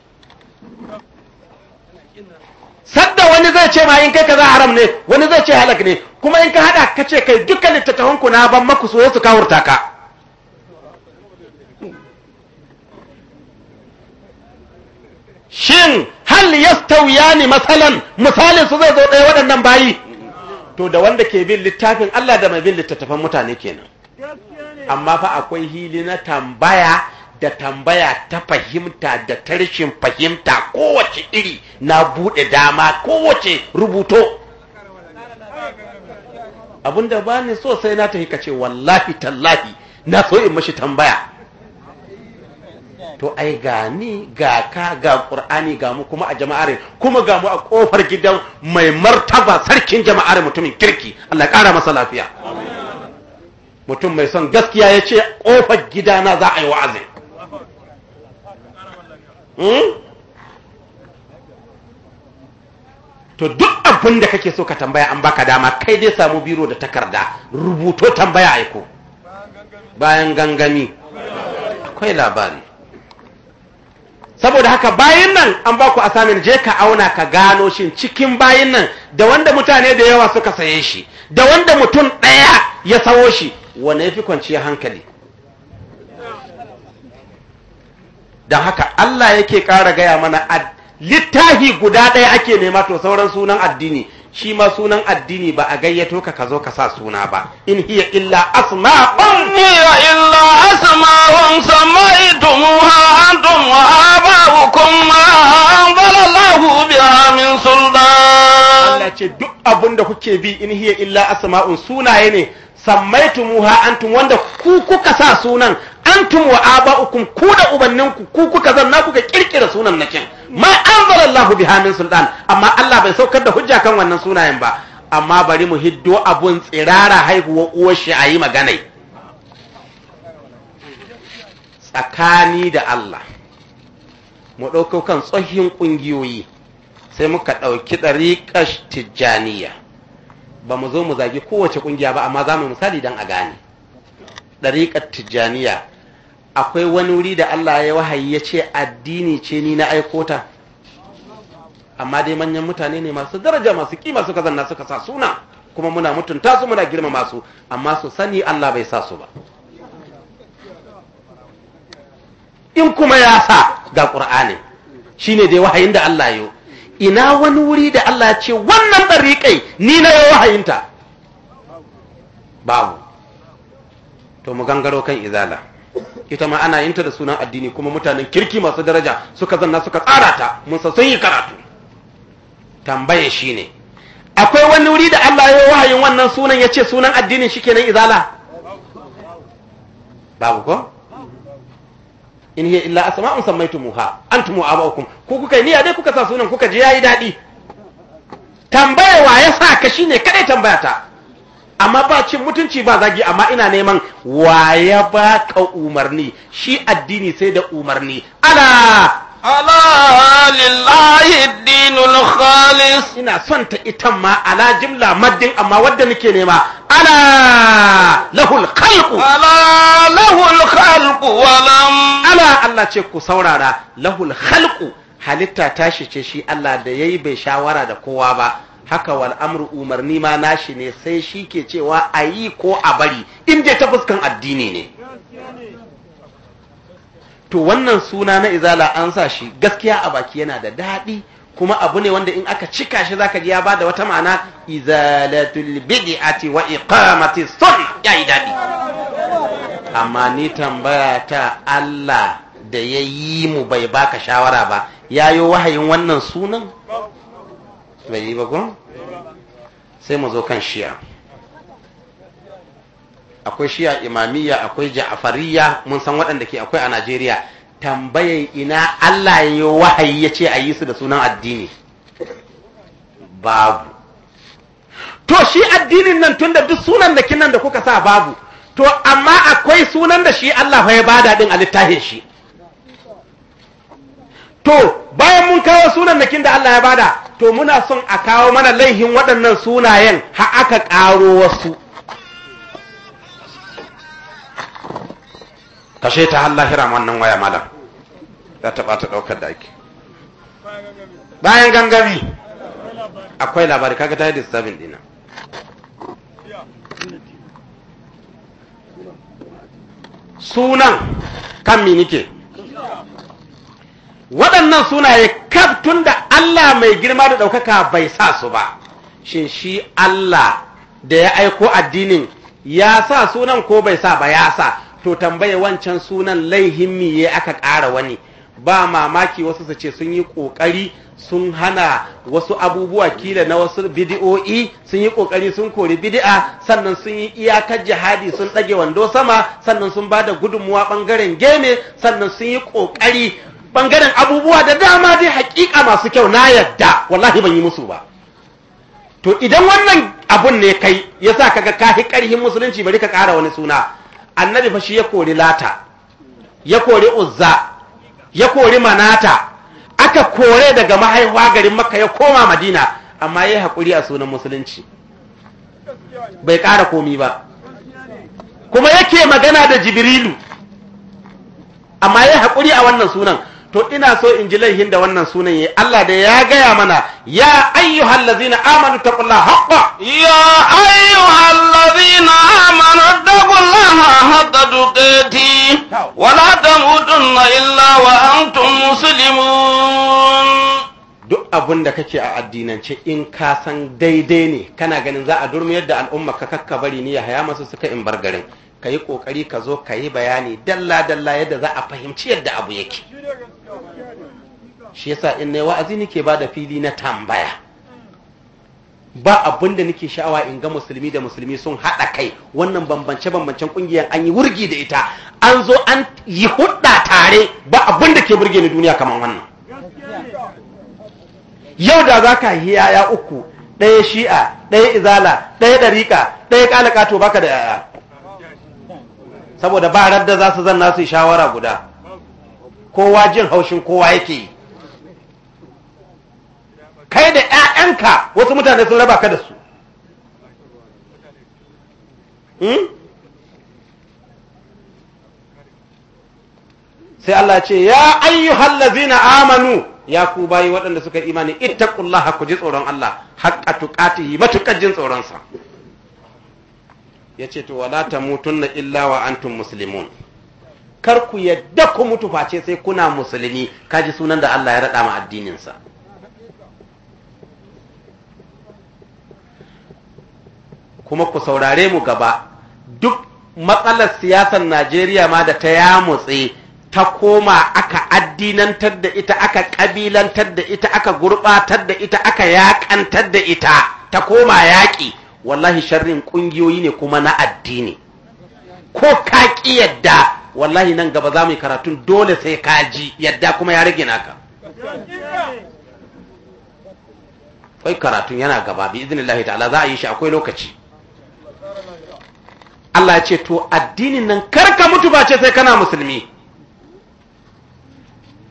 sadda wani zai ce ma in kai kaza haram ne wani zai ce halak ne kuma in ka hada ka ce kai dukkan littattafan ku na ban maku so su kawurta ka shin hal yastawiyani matsalan misalin su zai zo ɗaya waɗannan bayi to da wanda ke bin littafin Allah da mai bin littattafan mutane kenan amma fa akwai hili na tambaya da tambaya ta fahimta da tarshin fahimta kowace iri na buɗe dama kowace rubuto abinda ba ni so sai na ta ce wallahi tallahi na so in mashi tambaya to ai ga ni ga ka ga qur'ani ga mu kuma a jama'ar kuma ga mu a kofar gidan mai martaba sarkin jama'ar mutumin kirki Allah kara masa lafiya mutum mai son gaskiya ya ce kofar gidana za a yi wa'azi hmm? to duk abin da kake so ka tambaya an baka dama kai dai samu biro da takarda rubuto tambaya aiko bayan gangami akwai labari saboda haka bayin nan an ba ku asamin je ka auna ka gano shi cikin bayin nan da wanda mutane da yawa suka saye shi da wanda mutum ɗaya ya sawo shi wane ya fi kwanciya hankali don haka Allah yake ƙara gaya mana littafi guda ɗaya ake nema to sauran sunan addini shi ma sunan addini ba a gayyato ka ka zo ka sa suna ba in hiya illa asma'un hiya illa asma'un sammaitumuha antum wa aba'ukum ma anzalallahu biha min sultan Allah ce duk abun da kuke bi in hiya illa asma'un sunaye ne sammaitumuha antum wanda ku kuka sa sunan antum wa aba'ukum ku da ubanninku ku kuka zanna kuka kirkira sunan nakin ma anzalallahu biha min sultan amma Allah bai saukar da hujja kan wannan sunayen ba amma bari mu hiddo abun tsirara haihuwa uwar shi ayi magana tsakani da Allah mu ɗauko kan tsohin ƙungiyoyi sai muka ɗauki ɗariƙar tijjaniya ba mu zo mu zagi kowace kungiya ba amma za mu misali dan a gane ɗariƙar tijjaniya akwai wani wuri da Allah ya wahayi ya ce addini ce ni na aikota amma dai manyan mutane ne masu daraja masu kima suka zanna suka sa suna kuma muna mutunta su muna girma masu amma su sani Allah bai sa su ba in kuma ya sa ga ƙur'ani shine dai wahayin da Allah yau ina wani wuri da Allah ya ce wannan ɗariƙai ni na yi wahayinta babu to mu gangaro kan izala ita ma ana yinta da sunan addini kuma mutanen kirki masu daraja suka zanna suka tsara ta mun san sun yi karatu tambaye shi ne. akwai wani wuri da Allah ya wahayin wannan sunan ya ce sunan addinin shi kenan izala babu ko in hiya illa asma'un sammaytumuha antum aba'ukum ku kuka niyya dai kuka sa sunan kuka je yayi dadi tambaya wa ya sa ka shine kadai tambaya ta amma ba cin mutunci ba zagi amma ina neman wa ya ba ka umarni shi addini sai da umarni ala ala lillahi dinul khalis ina son ta ita ma ala jimla maddin amma wadda nake nema ala lahul khalqu ala lahul khalqu walam ala Allah ce ku saurara lahul khalqu halitta tashi ce shi Allah da yayi bai shawara da kowa ba haka wal amru umarni ma nashi ne sai shi ke cewa ayi ko a bari in je ta fuskan addini ne to wannan suna na izala an sa shi gaskiya a baki yana da daɗi kuma abu ne wanda in aka cika shi zaka ji ya bada wata ma'ana izalatul bid'ati wa iqamati sun yi daɗi amma ni tambaya ta Allah da ya yi mu bai baka shawara ba ya yi wahayin wannan sunan bai yi ba ko sai mu zo kan shi'a akwai shiya imamiyya akwai ja'afariya mun san waɗanda ke akwai a najeriya tambayan ina allah ya yi wahayi ya ce a yi su da sunan addini babu to shi addinin nan tun da duk sunan da kinan da kuka sa babu to amma akwai sunan da shi allah ya bada din a littafin shi to bayan mun kawo sunan nakin da Allah ya bada to muna son a kawo mana laihin waɗannan sunayen har aka ƙaro wasu Kashe ta har lahira wannan waya malam za ta bata daukar da ake bayan gangami akwai labari kaga ta yi disturbing dina sunan kan mi nike waɗannan sunaye kaf tun da Allah mai girma da ɗaukaka bai sa su ba shin shi Allah da ya aiko addinin ya sa sunan ko bai sa ba ya sa to tambaye wancan sunan laihin miye aka ƙara wani ba mamaki wasu su ce sun yi ƙoƙari sun hana wasu abubuwa kila na wasu bidi'o'i sun yi ƙoƙari sun kori bidi'a sannan sun yi iyakar jihadi sun ɗage wando sama sannan sun ba da gudunmuwa ɓangaren gene sannan sun yi ƙoƙari ɓangaren abubuwa da dama dai haƙiƙa masu kyau na yadda wallahi ban yi musu ba to idan wannan abun ne kai yasa kaga ka fi ƙarhin musulunci bari ka ƙara wani suna annabi fa shi ya kori lata ya kori uzza ya kori manata aka kore daga mahaifa garin makka ya koma madina amma ya yi haƙuri a sunan musulunci bai ƙara komi ba kuma yake magana da jibrilu amma ya haƙuri a wannan sunan to ina so in ji laihin da wannan sunan yi Allah da ya gaya mana ya ayyuhal ladzina amanu taqullaha haqqa ya ayyuhal ladzina amanu taqullaha haqqa tuqati wa la tamutunna illa wa antum muslimun duk abin da kake a addinance in ka san daidai ne kana ganin za a durmiyar yadda al'umma ka kakka bari ni ya haya masu suka in bar garin ka yi ƙoƙari ka zo ka yi bayani dalla-dalla yadda za a fahimci yadda abu yake shi yasa in na wa'azi nake ba da fili na tambaya ba abin da nake sha'awa in ga musulmi da musulmi sun haɗa kai wannan bambance bambancen ƙungiyar an yi wurgi da ita an zo an yi hudda tare ba abin da ke burge ni duniya kamar wannan yau da za ka yi yaya uku ɗaya shi'a ɗaya izala ɗaya ɗariƙa ɗaya ƙalaka to baka da yaya saboda ba radda za su zan nasu shawara guda kowa jin haushin kowa yake yi kai da 'ya'yanka wasu mutane sun raba ka da su hmm? sai Allah ce ya ayyuhal ladzina amanu ya ku bayi waɗanda suka imani ita ƙulla ku ji tsoron Allah tuƙati yi matuƙar jin Ya ce, yace to wala na illa wa antum muslimun kar ku yadda ku mutu face sai kuna musulmi kaji sunan da Allah ya raɗa ma addininsa. kuma ku saurare mu gaba duk matsalar siyasar Najeriya ma da ta yamutse ta koma aka addinantar da ita aka kabilantar da ita aka gurbatar da ita aka yakantar da ita ta koma yaƙi wallahi sharrin ƙungiyoyi ne kuma na addini ko ka ƙi yadda wallahi nan gaba za mu yi karatun dole sai ka ji yadda kuma ya rage naka kai karatun yana gaba bi idinillahi ta'ala za a yi shi akwai lokaci Allah ya ce to addinin nan kar ka mutu ba ce sai kana musulmi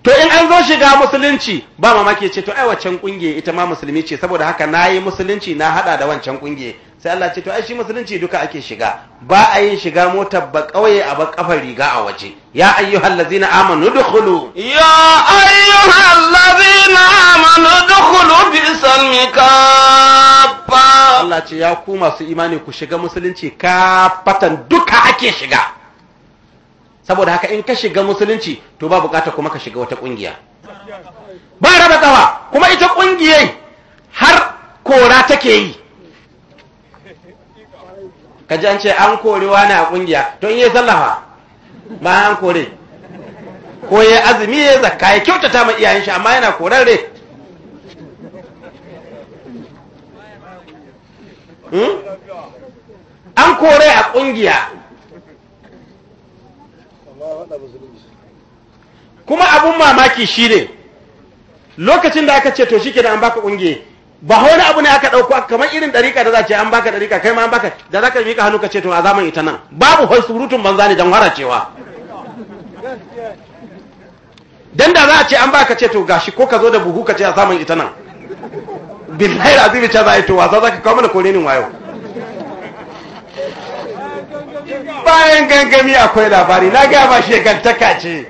to in an zo shiga musulunci ba mamaki ce to ai wancan kungiye ita ma musulmi ce saboda haka na yi musulunci na hada da wancan kungiye sai Allah ce to ai shi musulunci duka ake shiga ba a yin shiga motar ba kauye a bar kafar riga a waje ya ayyuhal ladzina amanu dukhulu ya ayyuhal ladzina amanu dukhulu bi salmika Allah ce ya ku masu imani ku shiga musulunci kafatan duka ake shiga saboda haka in ka shiga musulunci to ba bukata kuma ka shiga wata kungiya ba raba tsawa kuma ita kungiyai har kora take yi kaji an ce an kori wani a kungiya to in yi zallafa ba an kore ko ya azumi ya zakka ya kyautata ma iyayen shi amma yana korar korarre Hmm? an kore a kungiya kuma abun mamaki shi ne, lokacin da aka ce to shikenan an baka kungiya ba wani abu ne aka dauko kamar irin dariƙa da za ce an baka dariƙa kai ma an baka da za ka mika hannu ka ce to a zaman ita nan babu hoi surutun banza ne hara cewa. dan da za a ce an baka ce to gashi ko ka zo da buhu ka ce a zaman ita nan billahi azimi ta zai to wasa zaka kawo mana kore ne wayo bayan gangami akwai labari na ga ba shekantaka ce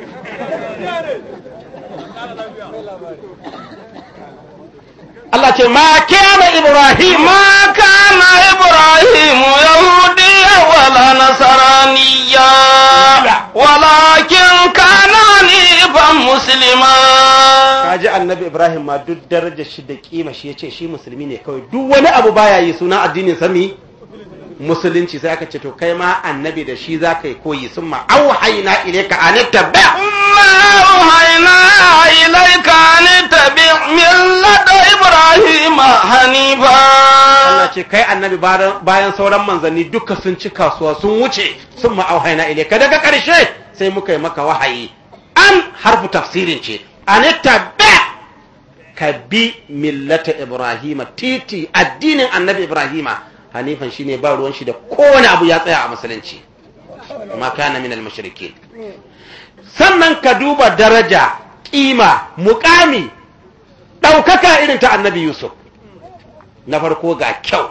Allah ce ma kana Ibrahim ma kana Ibrahim yahudiyya wala nasraniyya walakin muslima kaji annabi ibrahim ma duk daraja shi da kima shi yace shi musulmi ne kawai duk wani abu baya yi suna addinin sami musulunci sai aka ce to kai ma annabi da shi za yi koyi sun ma auhaina ilayka an tabi umma auhaina ilayka an tabi millata ibrahim hanifa Allah ce kai annabi bayan sauran manzanni duka sun ci kasuwa sun wuce sun ma auhaina ilayka daga karshe sai muka yi maka wahayi am harfu tafsirin ce anitta ba ka bi millata ibrahima titi addinin annabi ibrahima hanifan shine ba ruwan shi da kowane abu ya tsaya a musulunci ma kana min al-mushrikin sannan ka duba daraja kima muqami daukaka irin ta annabi yusuf na farko ga kyau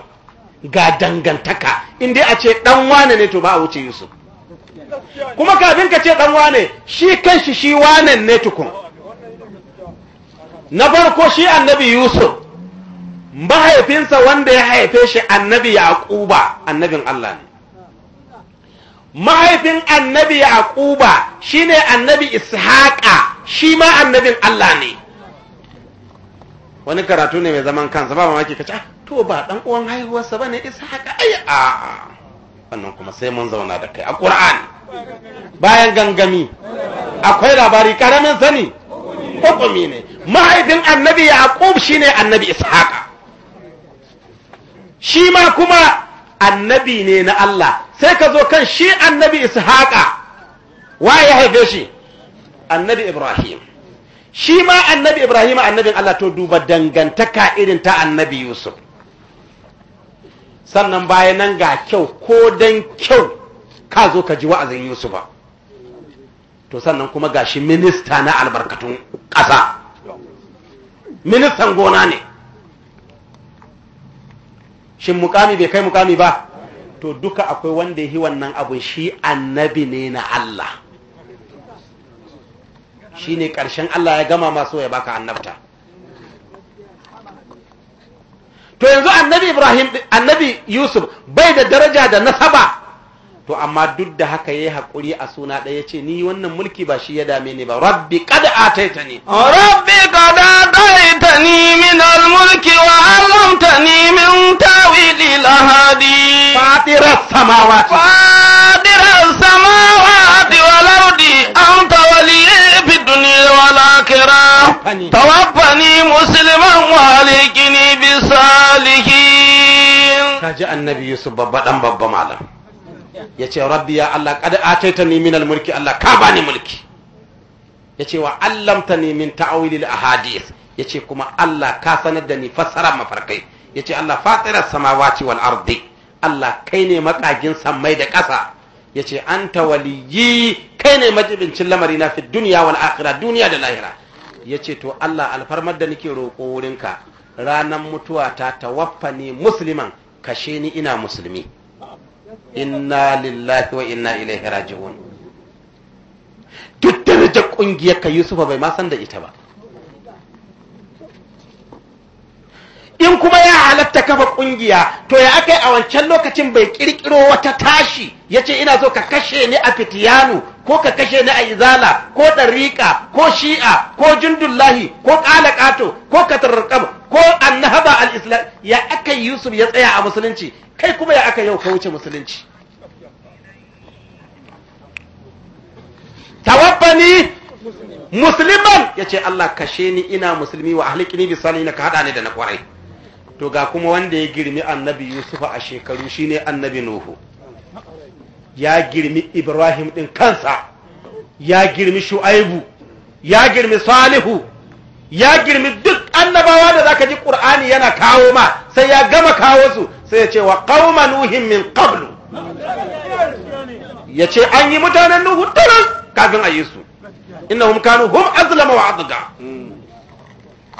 ga dangantaka inda a ce dan wane ne to ba a wuce yusuf kuma kafin ka ce dan wane shi kanshi shi wanen ne tukun na farko shi annabi yusuf mahaifinsa wanda ya haife shi annabi yaquba annabin Allah ne mahaifin annabi yaquba shine annabi ishaqa shi ma annabin Allah ne wani karatu ne mai zaman kansa ba mamaki ka ce ah, to ba dan uwan haihuwarsa bane ishaqa ai a'a wannan kuma sai mun zauna da kai a ƙura'an bayan gangami akwai labari karamin sani hukumi ne mahaifin annabi shi shine annabi ishaƙa shi ma kuma annabi ne na Allah sai ka zo kan shi annabi ishaƙa Wa ya haife shi annabi ibrahim shi ma annabi ibrahim annabin Allah to duba dangantaka irin ta annabi yusuf sannan bayan nan ga kyau ko dan kyau ka zo ka ji wa'azin yusufa to sannan kuma ga shi minista na albarkatun ƙasa ministan gona ne shin mukami bai kai mukami ba to duka akwai wanda yi wannan abu shi annabi ne na Allah shi ne ƙarshen Allah ya gama masu ya baka annabta to yanzu annabi ibrahim annabi yusuf bai da daraja da nasaba to amma duk da haka yayi hakuri a suna ɗaya yace ni wannan mulki ba shi ya dame ni ba rabbi qad ataitani oh, rabbi qad ataitani min al-mulki wa 'allamtani min tawil al fatira samawati fatira samawati tawaffani tawaffani musliman wa bi salihin kaji annabi yusuf babba dan babba malam yace rabbi ya allah qad ataitani min mulki allah ka bani mulki yace wa allamtani min ta'wilil ahadith yace kuma allah ka sanar da ni fassara mafarkai yace allah fatiras samawati wal ardi allah kai ne makagin sammai da ƙasa ya ce an tawaliyi kai ne majibincin lamari na fi duniya wal akira duniya da lahira ya ce to Allah alfarmar da nake roƙo wurinka ranar mutuwa ta ni musulman. kashe ni ina musulmi inna lillahi wa inna ilaihi raji'un duk da kungiyar ka Yusufa bai ma san da ita ba in kuma ya halatta kafa kungiya to ya aka a wancan lokacin bai kirkiro wata tashi ya ce ina so ka kashe ni a fitiyanu ko ka kashe na izala ko ɗariƙa ko shi'a ko jundullahi ko ƙala ƙato ko katarrukam ko annahaba al ya aka yusuf ya tsaya a musulunci kai kuma ya aka yau ka wuce musulunci Tawabbani musulman ya ce Allah kashe ni ina musulmi wa ahlikini bisani na ka haɗa ni da na kwarai to ga kuma wanda ya girmi annabi yusuf a shekaru shine annabi nuhu ya girmi ibrahim ɗin kansa ya girmi shu'aibu ya girmi salihu ya girmi duk annabawa da za ka ji ƙur'ani yana kawo ma sai ya gama kawo su sai ya ce wa ƙauma nuhin min qablu ya ce an yi mutanen nuhu tunan kafin a yi su innahum kanu hum azlama wa azuga.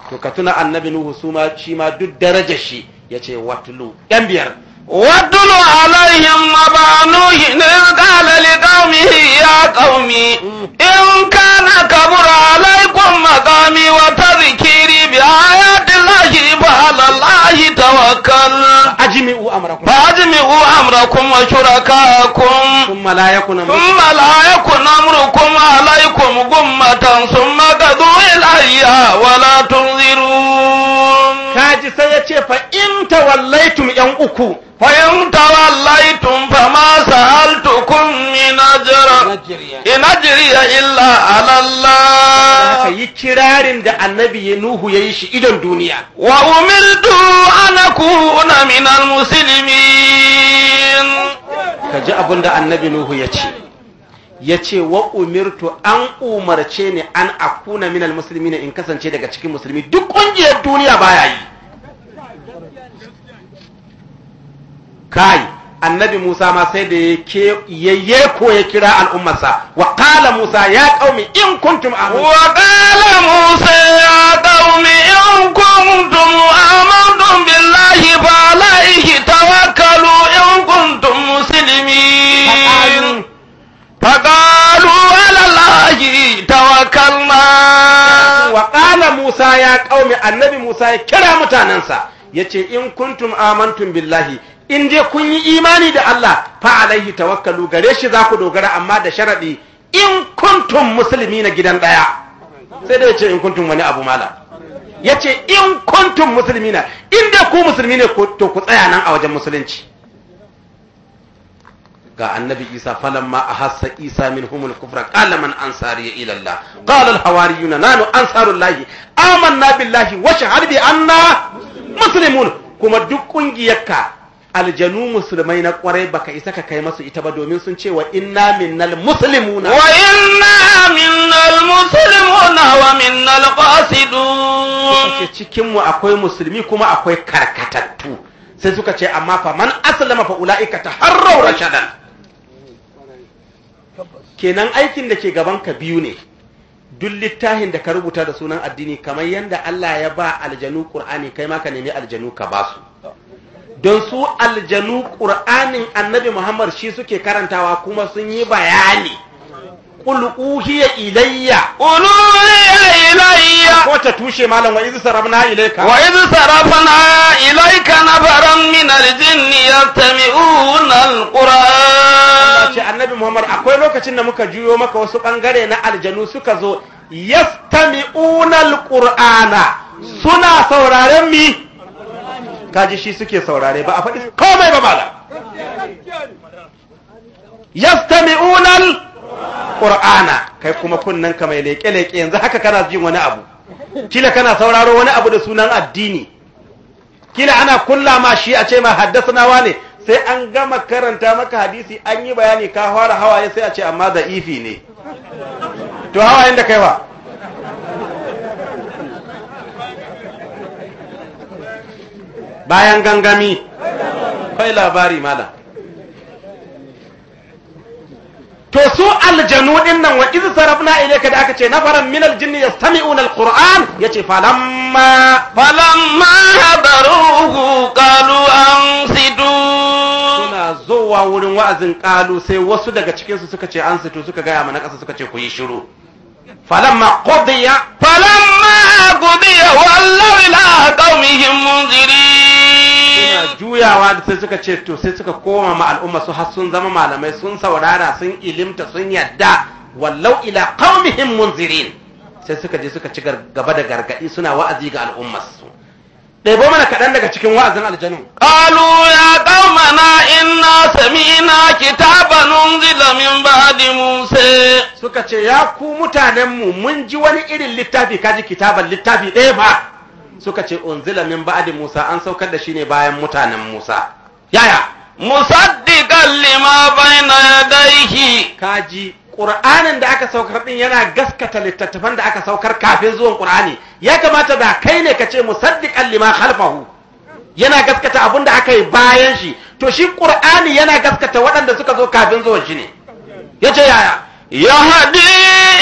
to ka tuna annabi nuhu su ma shi ma duk darajar shi ya ce watulu ɗan biyar واتل عليهم نبأ نوح إذ قال لقومه يا قوم إن كان كبر عليكم مقامي وتذكيري بآيات الله فعلى الله توكل فأجمعوا أمركم فأجمعوا أمركم وشركاكم ثم لا يكن ثم لا يكن أمركم عليكم غمة ثم قضوا إلي ولا ubangiji sai ya ce fa in tawallaitum yan uku fa in tawallaitum fa ma sa'altukum min ajra in ajriya illa ala Allah yi kirarin da annabi ya nuhu yayi shi idon duniya wa umirtu an akuna min al muslimin kaji abinda annabi nuhu ya ce ya ce wa umirtu an umarce ni an akuna minal musulmi in kasance daga cikin musulmi duk ƙungiyar duniya baya yi kai annabi Musa ma sai da ya ko ya kira al'ummarsa wa qala Musa ya qaumi in kuntum amanu wa qala Musa ya qaumi in kuntum amantum billahi fa alayhi tawakkalu in kuntum muslimin qalu ala allahi tawakkalna wa qala Musa ya qaumi annabi Musa ya kira mutanansa yace in kuntum amantum billahi in je kun yi imani da Allah fa alaihi tawakkalu gare shi za ku dogara amma da sharadi in kuntum musulmi na gidan daya sai da ce in kuntum wani abu mala yace in kuntum musulmi in dai ku musulmi ne to ku tsaya nan a wajen musulunci ga annabi isa falamma ahassa isa humul kufra qala man ansari ila allah qala al hawariyuna nanu ansarullahi amanna billahi wa shahadu bi anna muslimun kuma duk kungiyarka aljanu musulmai na kwarai baka isa ka kai masu ita ba domin sun ce wa inna minnal muslimuna wa inna minnal muslimuna wa minnal qasidun ce cikin mu akwai musulmi kuma akwai karkatattu sai suka ce amma fa man aslama fa ulaika taharraw rashadan kenan aikin da ke gaban ka biyu ne duk littafin da ka rubuta da sunan addini kamar yadda Allah ya ba aljanu Qur'ani kai ma ka nemi aljanu ka basu don su aljanu ƙur'anin annabi muhammad shi suke karantawa kuma sun yi bayani ƙulƙuhiya ilayya ƙulƙuhiya ilayya ko ta tushe malam wa izu na ilayka wa izu na baron minar min ya tami unan ƙura'an annabi muhammad akwai lokacin da muka juyo maka wasu bangare na aljanu suka zo unan ƙura'ana suna sauraren mi kaji shi suke saurare ba a faɗi komai ba mala yastami'una qurana kai kuma kunnan ka mai leke leke yanzu haka kana jin wani abu kila kana sauraro wani abu da sunan addini kila ana kulla ma shi a ce ma haddasa nawa ne? sai an gama karanta maka hadisi an yi bayani ka fara hawaye sai a ce amma da ifi ne to hawayen da kaiwa bayan gangami kai labari malam to su aljanu din nan wa iz sarafna ilayka da aka ce nafaran min aljinni yastami'una alquran yace falamma falamma habaruhu qalu ansitu suna zuwa wurin wa'azin qalu sai wasu daga cikin su suka ce ansitu suka gaya mana kasa suka ce ku yi shiru falamma qudiya falamma qudiya wallahi la qaumihim munzirin juyawa da sai suka ce to sai suka koma ma al'umma su har sun zama malamai sun saurara sun ilimta sun yadda wallau ila qaumihim munzirin sai suka je suka ci gaba da gargadi suna wa'azi ga al'ummar su ɗebo mana kaɗan daga cikin wa'azin aljanu. qalu ya qaumana inna sami'na kitaban unzila min ba'di Musa. Suka ce ya ku mutanenmu mun ji wani irin littafi kaji kitaban littafi ɗaya ba. suka ce unzila min ba'di Musa an saukar da shi ne bayan mutanen Musa yaya musaddiqan lima bayna yadayhi kaji Qur'anin da aka saukar din yana gaskata littattafan da aka saukar kafin zuwan Qur'ani ya kamata da kai ne ka ce musaddiqan lima khalfahu yana gaskata abun da aka yi bayan shi to shi ƙur'ani yana gaskata waɗanda suka zo kafin zuwan shi ne yace yaya yahdi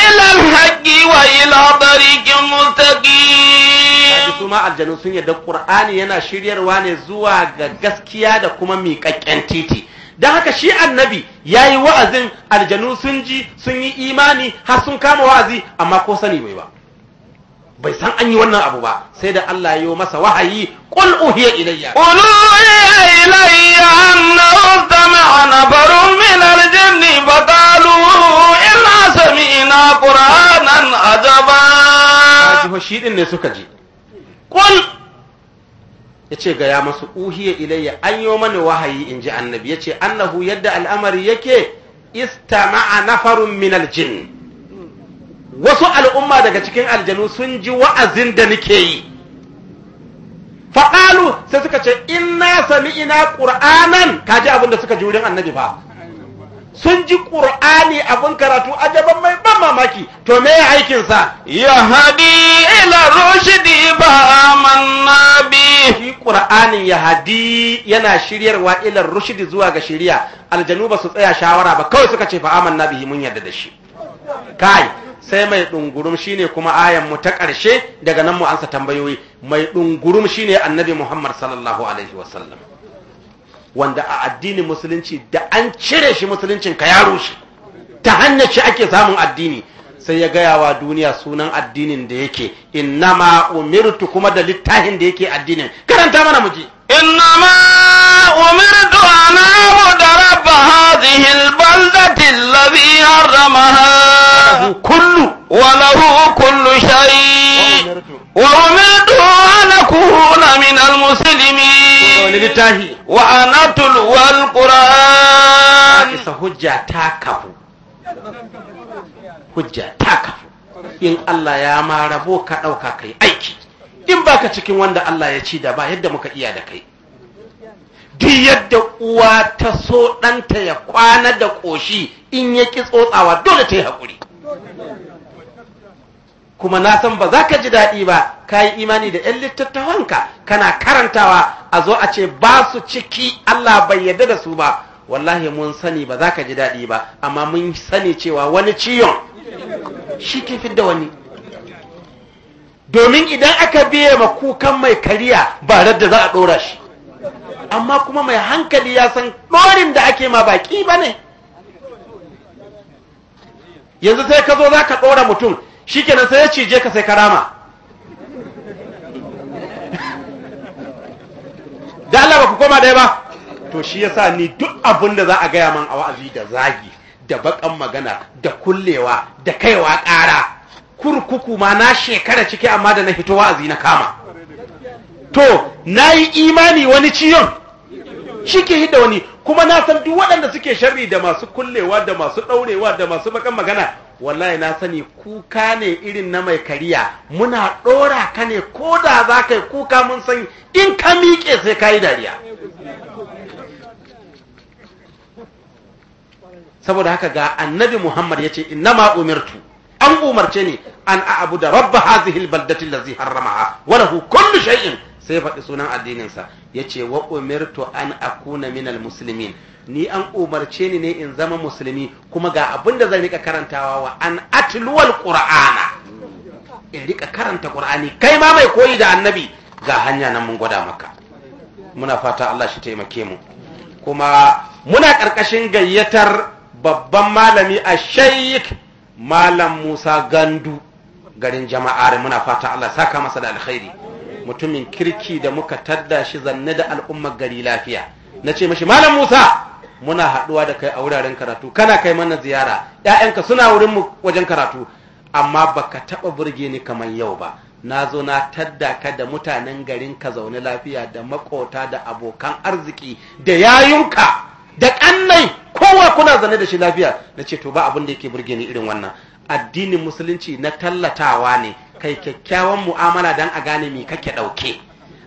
ila alhaqi wa ila tariqin mustaqim kaji su ma aljanu sun yadda qur'ani yana shiryarwa ne zuwa ga gaskiya da kuma miƙaƙƙen titi don haka shi annabi ya yi wa'azin aljanu sun ji sun yi imani har sun kama wa'azi amma ko sani bai ba bai san an yi wannan abu ba sai da Allah yi masa wahayi qul uhiya ilayya qul uhiya ilayya ustama ana barum min aljanni batalu illa sami'na qur'anan ajaba ji shi din ne suka ji qul yace ga ya masu uhiya ilayya an yi mani wahayi inji annabi yace annahu yadda al'amari yake istama'a nafarun min al wasu al'umma daga cikin aljanu sun ji wa'azin da nake yi faƙalu sai suka ce inna ina ƙur'anan kaji abin da suka ji wurin annabi ba sun ji ƙur'ani abin karatu ajaban mai ban mamaki to me ya aikinsa ya haɗi ila rushdi ba manna bi shi ƙur'anin ya hadi yana shiryarwa ila rushdi zuwa ga shirya aljanu ba su tsaya shawara ba kawai suka ce fa amanna bihi mun yarda da shi kai sai mai ɗungurum shine kuma ayan mu ta ƙarshe daga nan mu ansa tambayoyi mai ɗungurum shine annabi Muhammad sallallahu alaihi wasallam wanda a addinin musulunci da an cire shi musuluncin ka yaro shi ta hanyar shi ake samun addini sai ya gaya wa duniya sunan addinin da yake innama umirtu kuma da littafin da yake addinin karanta mana mu muji innama umirtu ana da rabba hadhihi albaldati allati haramaha kullu كل وله كل شيء وأمرت أن Wa من المسلمين وأنا أتلو القرآن hujja ta kafu hujja ta kafu in Allah ya marabo ka ɗauka kai aiki in baka cikin wanda Allah ya ci da ba yadda muka iya da kai duk yadda uwa ta so ɗanta ya kwana da ƙoshi in ya ki tsotsawa dole ta yi haƙuri kuma na san ba za ka ji daɗi ba ka yi imani da 'yan littattafanka kana karantawa a zo a ce ba su ciki Allah bai yarda da su ba wallahi mun sani ba za ka ji daɗi ba amma mun sani cewa wani ciyon shi ke fidda wani domin idan aka biye ma kukan mai kariya ba radda za a ɗora shi amma kuma mai hankali ya san ɗorin da ake ma baƙi ba ne yanzu sai ka zo za ka ɗora mutum shi kenan sai ya cije ka sai ka rama da Allah ba ku koma ɗaya ba to shi ya sa ni duk abin da za a gaya man a wa'azi da zagi da baƙan magana da kullewa da kaiwa ƙara kurkuku ma na shekara ciki amma da na hito wa'azi na kama to na yi imani wani ciyon shi ke hidda wani kuma na san duk waɗanda suke sharri da masu kullewa da masu ɗaurewa da masu bakan magana wallahi na sani kuka ne irin na mai kariya muna ɗora ka ne ko da za ka yi kuka mun san in ka miƙe sai ka yi dariya saboda haka ga annabi muhammad ya ce ma umirtu an umarce ni an a abu da rabba hazihil baldatin Lazi harramaha wa lahu kullu shay'in sai faɗi sunan addininsa ya ce wa umirtu an akuna minal muslimin ni an umarce ni ne in zama musulmi kuma ga abin da zan rika karantawa wa an atluwal qur'ana in rika karanta qur'ani kai ma mai koyi da annabi ga hanya nan mun gwada maka muna fata Allah shi taimake mu kuma muna karkashin gayyatar babban malami a sheik malam Musa Gandu garin jama'ar muna fata Allah saka masa da alkhairi mutumin kirki da muka tadda shi zanne da al'ummar gari lafiya na ce mashi malam musa muna haɗuwa da kai a wuraren karatu kana kai mana ziyara ‘ya'yanka suna wurin mu wajen karatu amma baka taɓa burge ni kamar yau ba na zo na tadda ka da mutanen garin ka zaune lafiya da makota da abokan arziki da yayunka da ƙannai kowa kuna zane da shi lafiya na ce to ba abin da yake burge ni irin wannan addinin musulunci na tallatawa ne kai kyakkyawan mu'amala dan a gane me kake ɗauke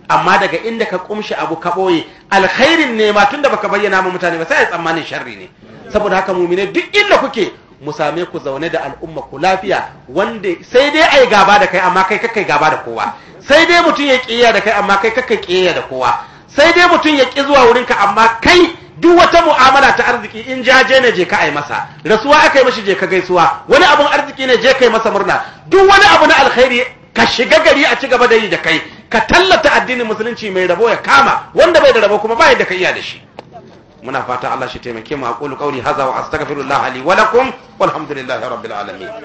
amma daga inda ka kumshi abu ka boye alkhairin ne ma tunda baka bayyana ma mutane ba sai tsammanin sharri ne saboda haka mumine duk inda kuke mu same ku zaune da al'umma ku lafiya wanda sai dai ai gaba da kai amma kai kakai gaba da kowa sai dai mutum ya kiyaye da kai amma kai kakai kiyaye da kowa sai dai mutum ya ki zuwa wurinka amma kai duk wata mu'amala ta arziki in jaje ne je ka ai masa rasuwa aka yi mashi je ka gaisuwa wani abun arziki ne je kai masa murna duk wani abu na alkhairi ka shiga gari a ci gaba da yi da kai ka tallata addinin musulunci mai rabo ya kama wanda bai da rabo kuma bai da ka iya da shi muna fata Allah shi taimake mu aqulu qawli hadha wa astaghfirullah li wa lakum walhamdulillahi rabbil alamin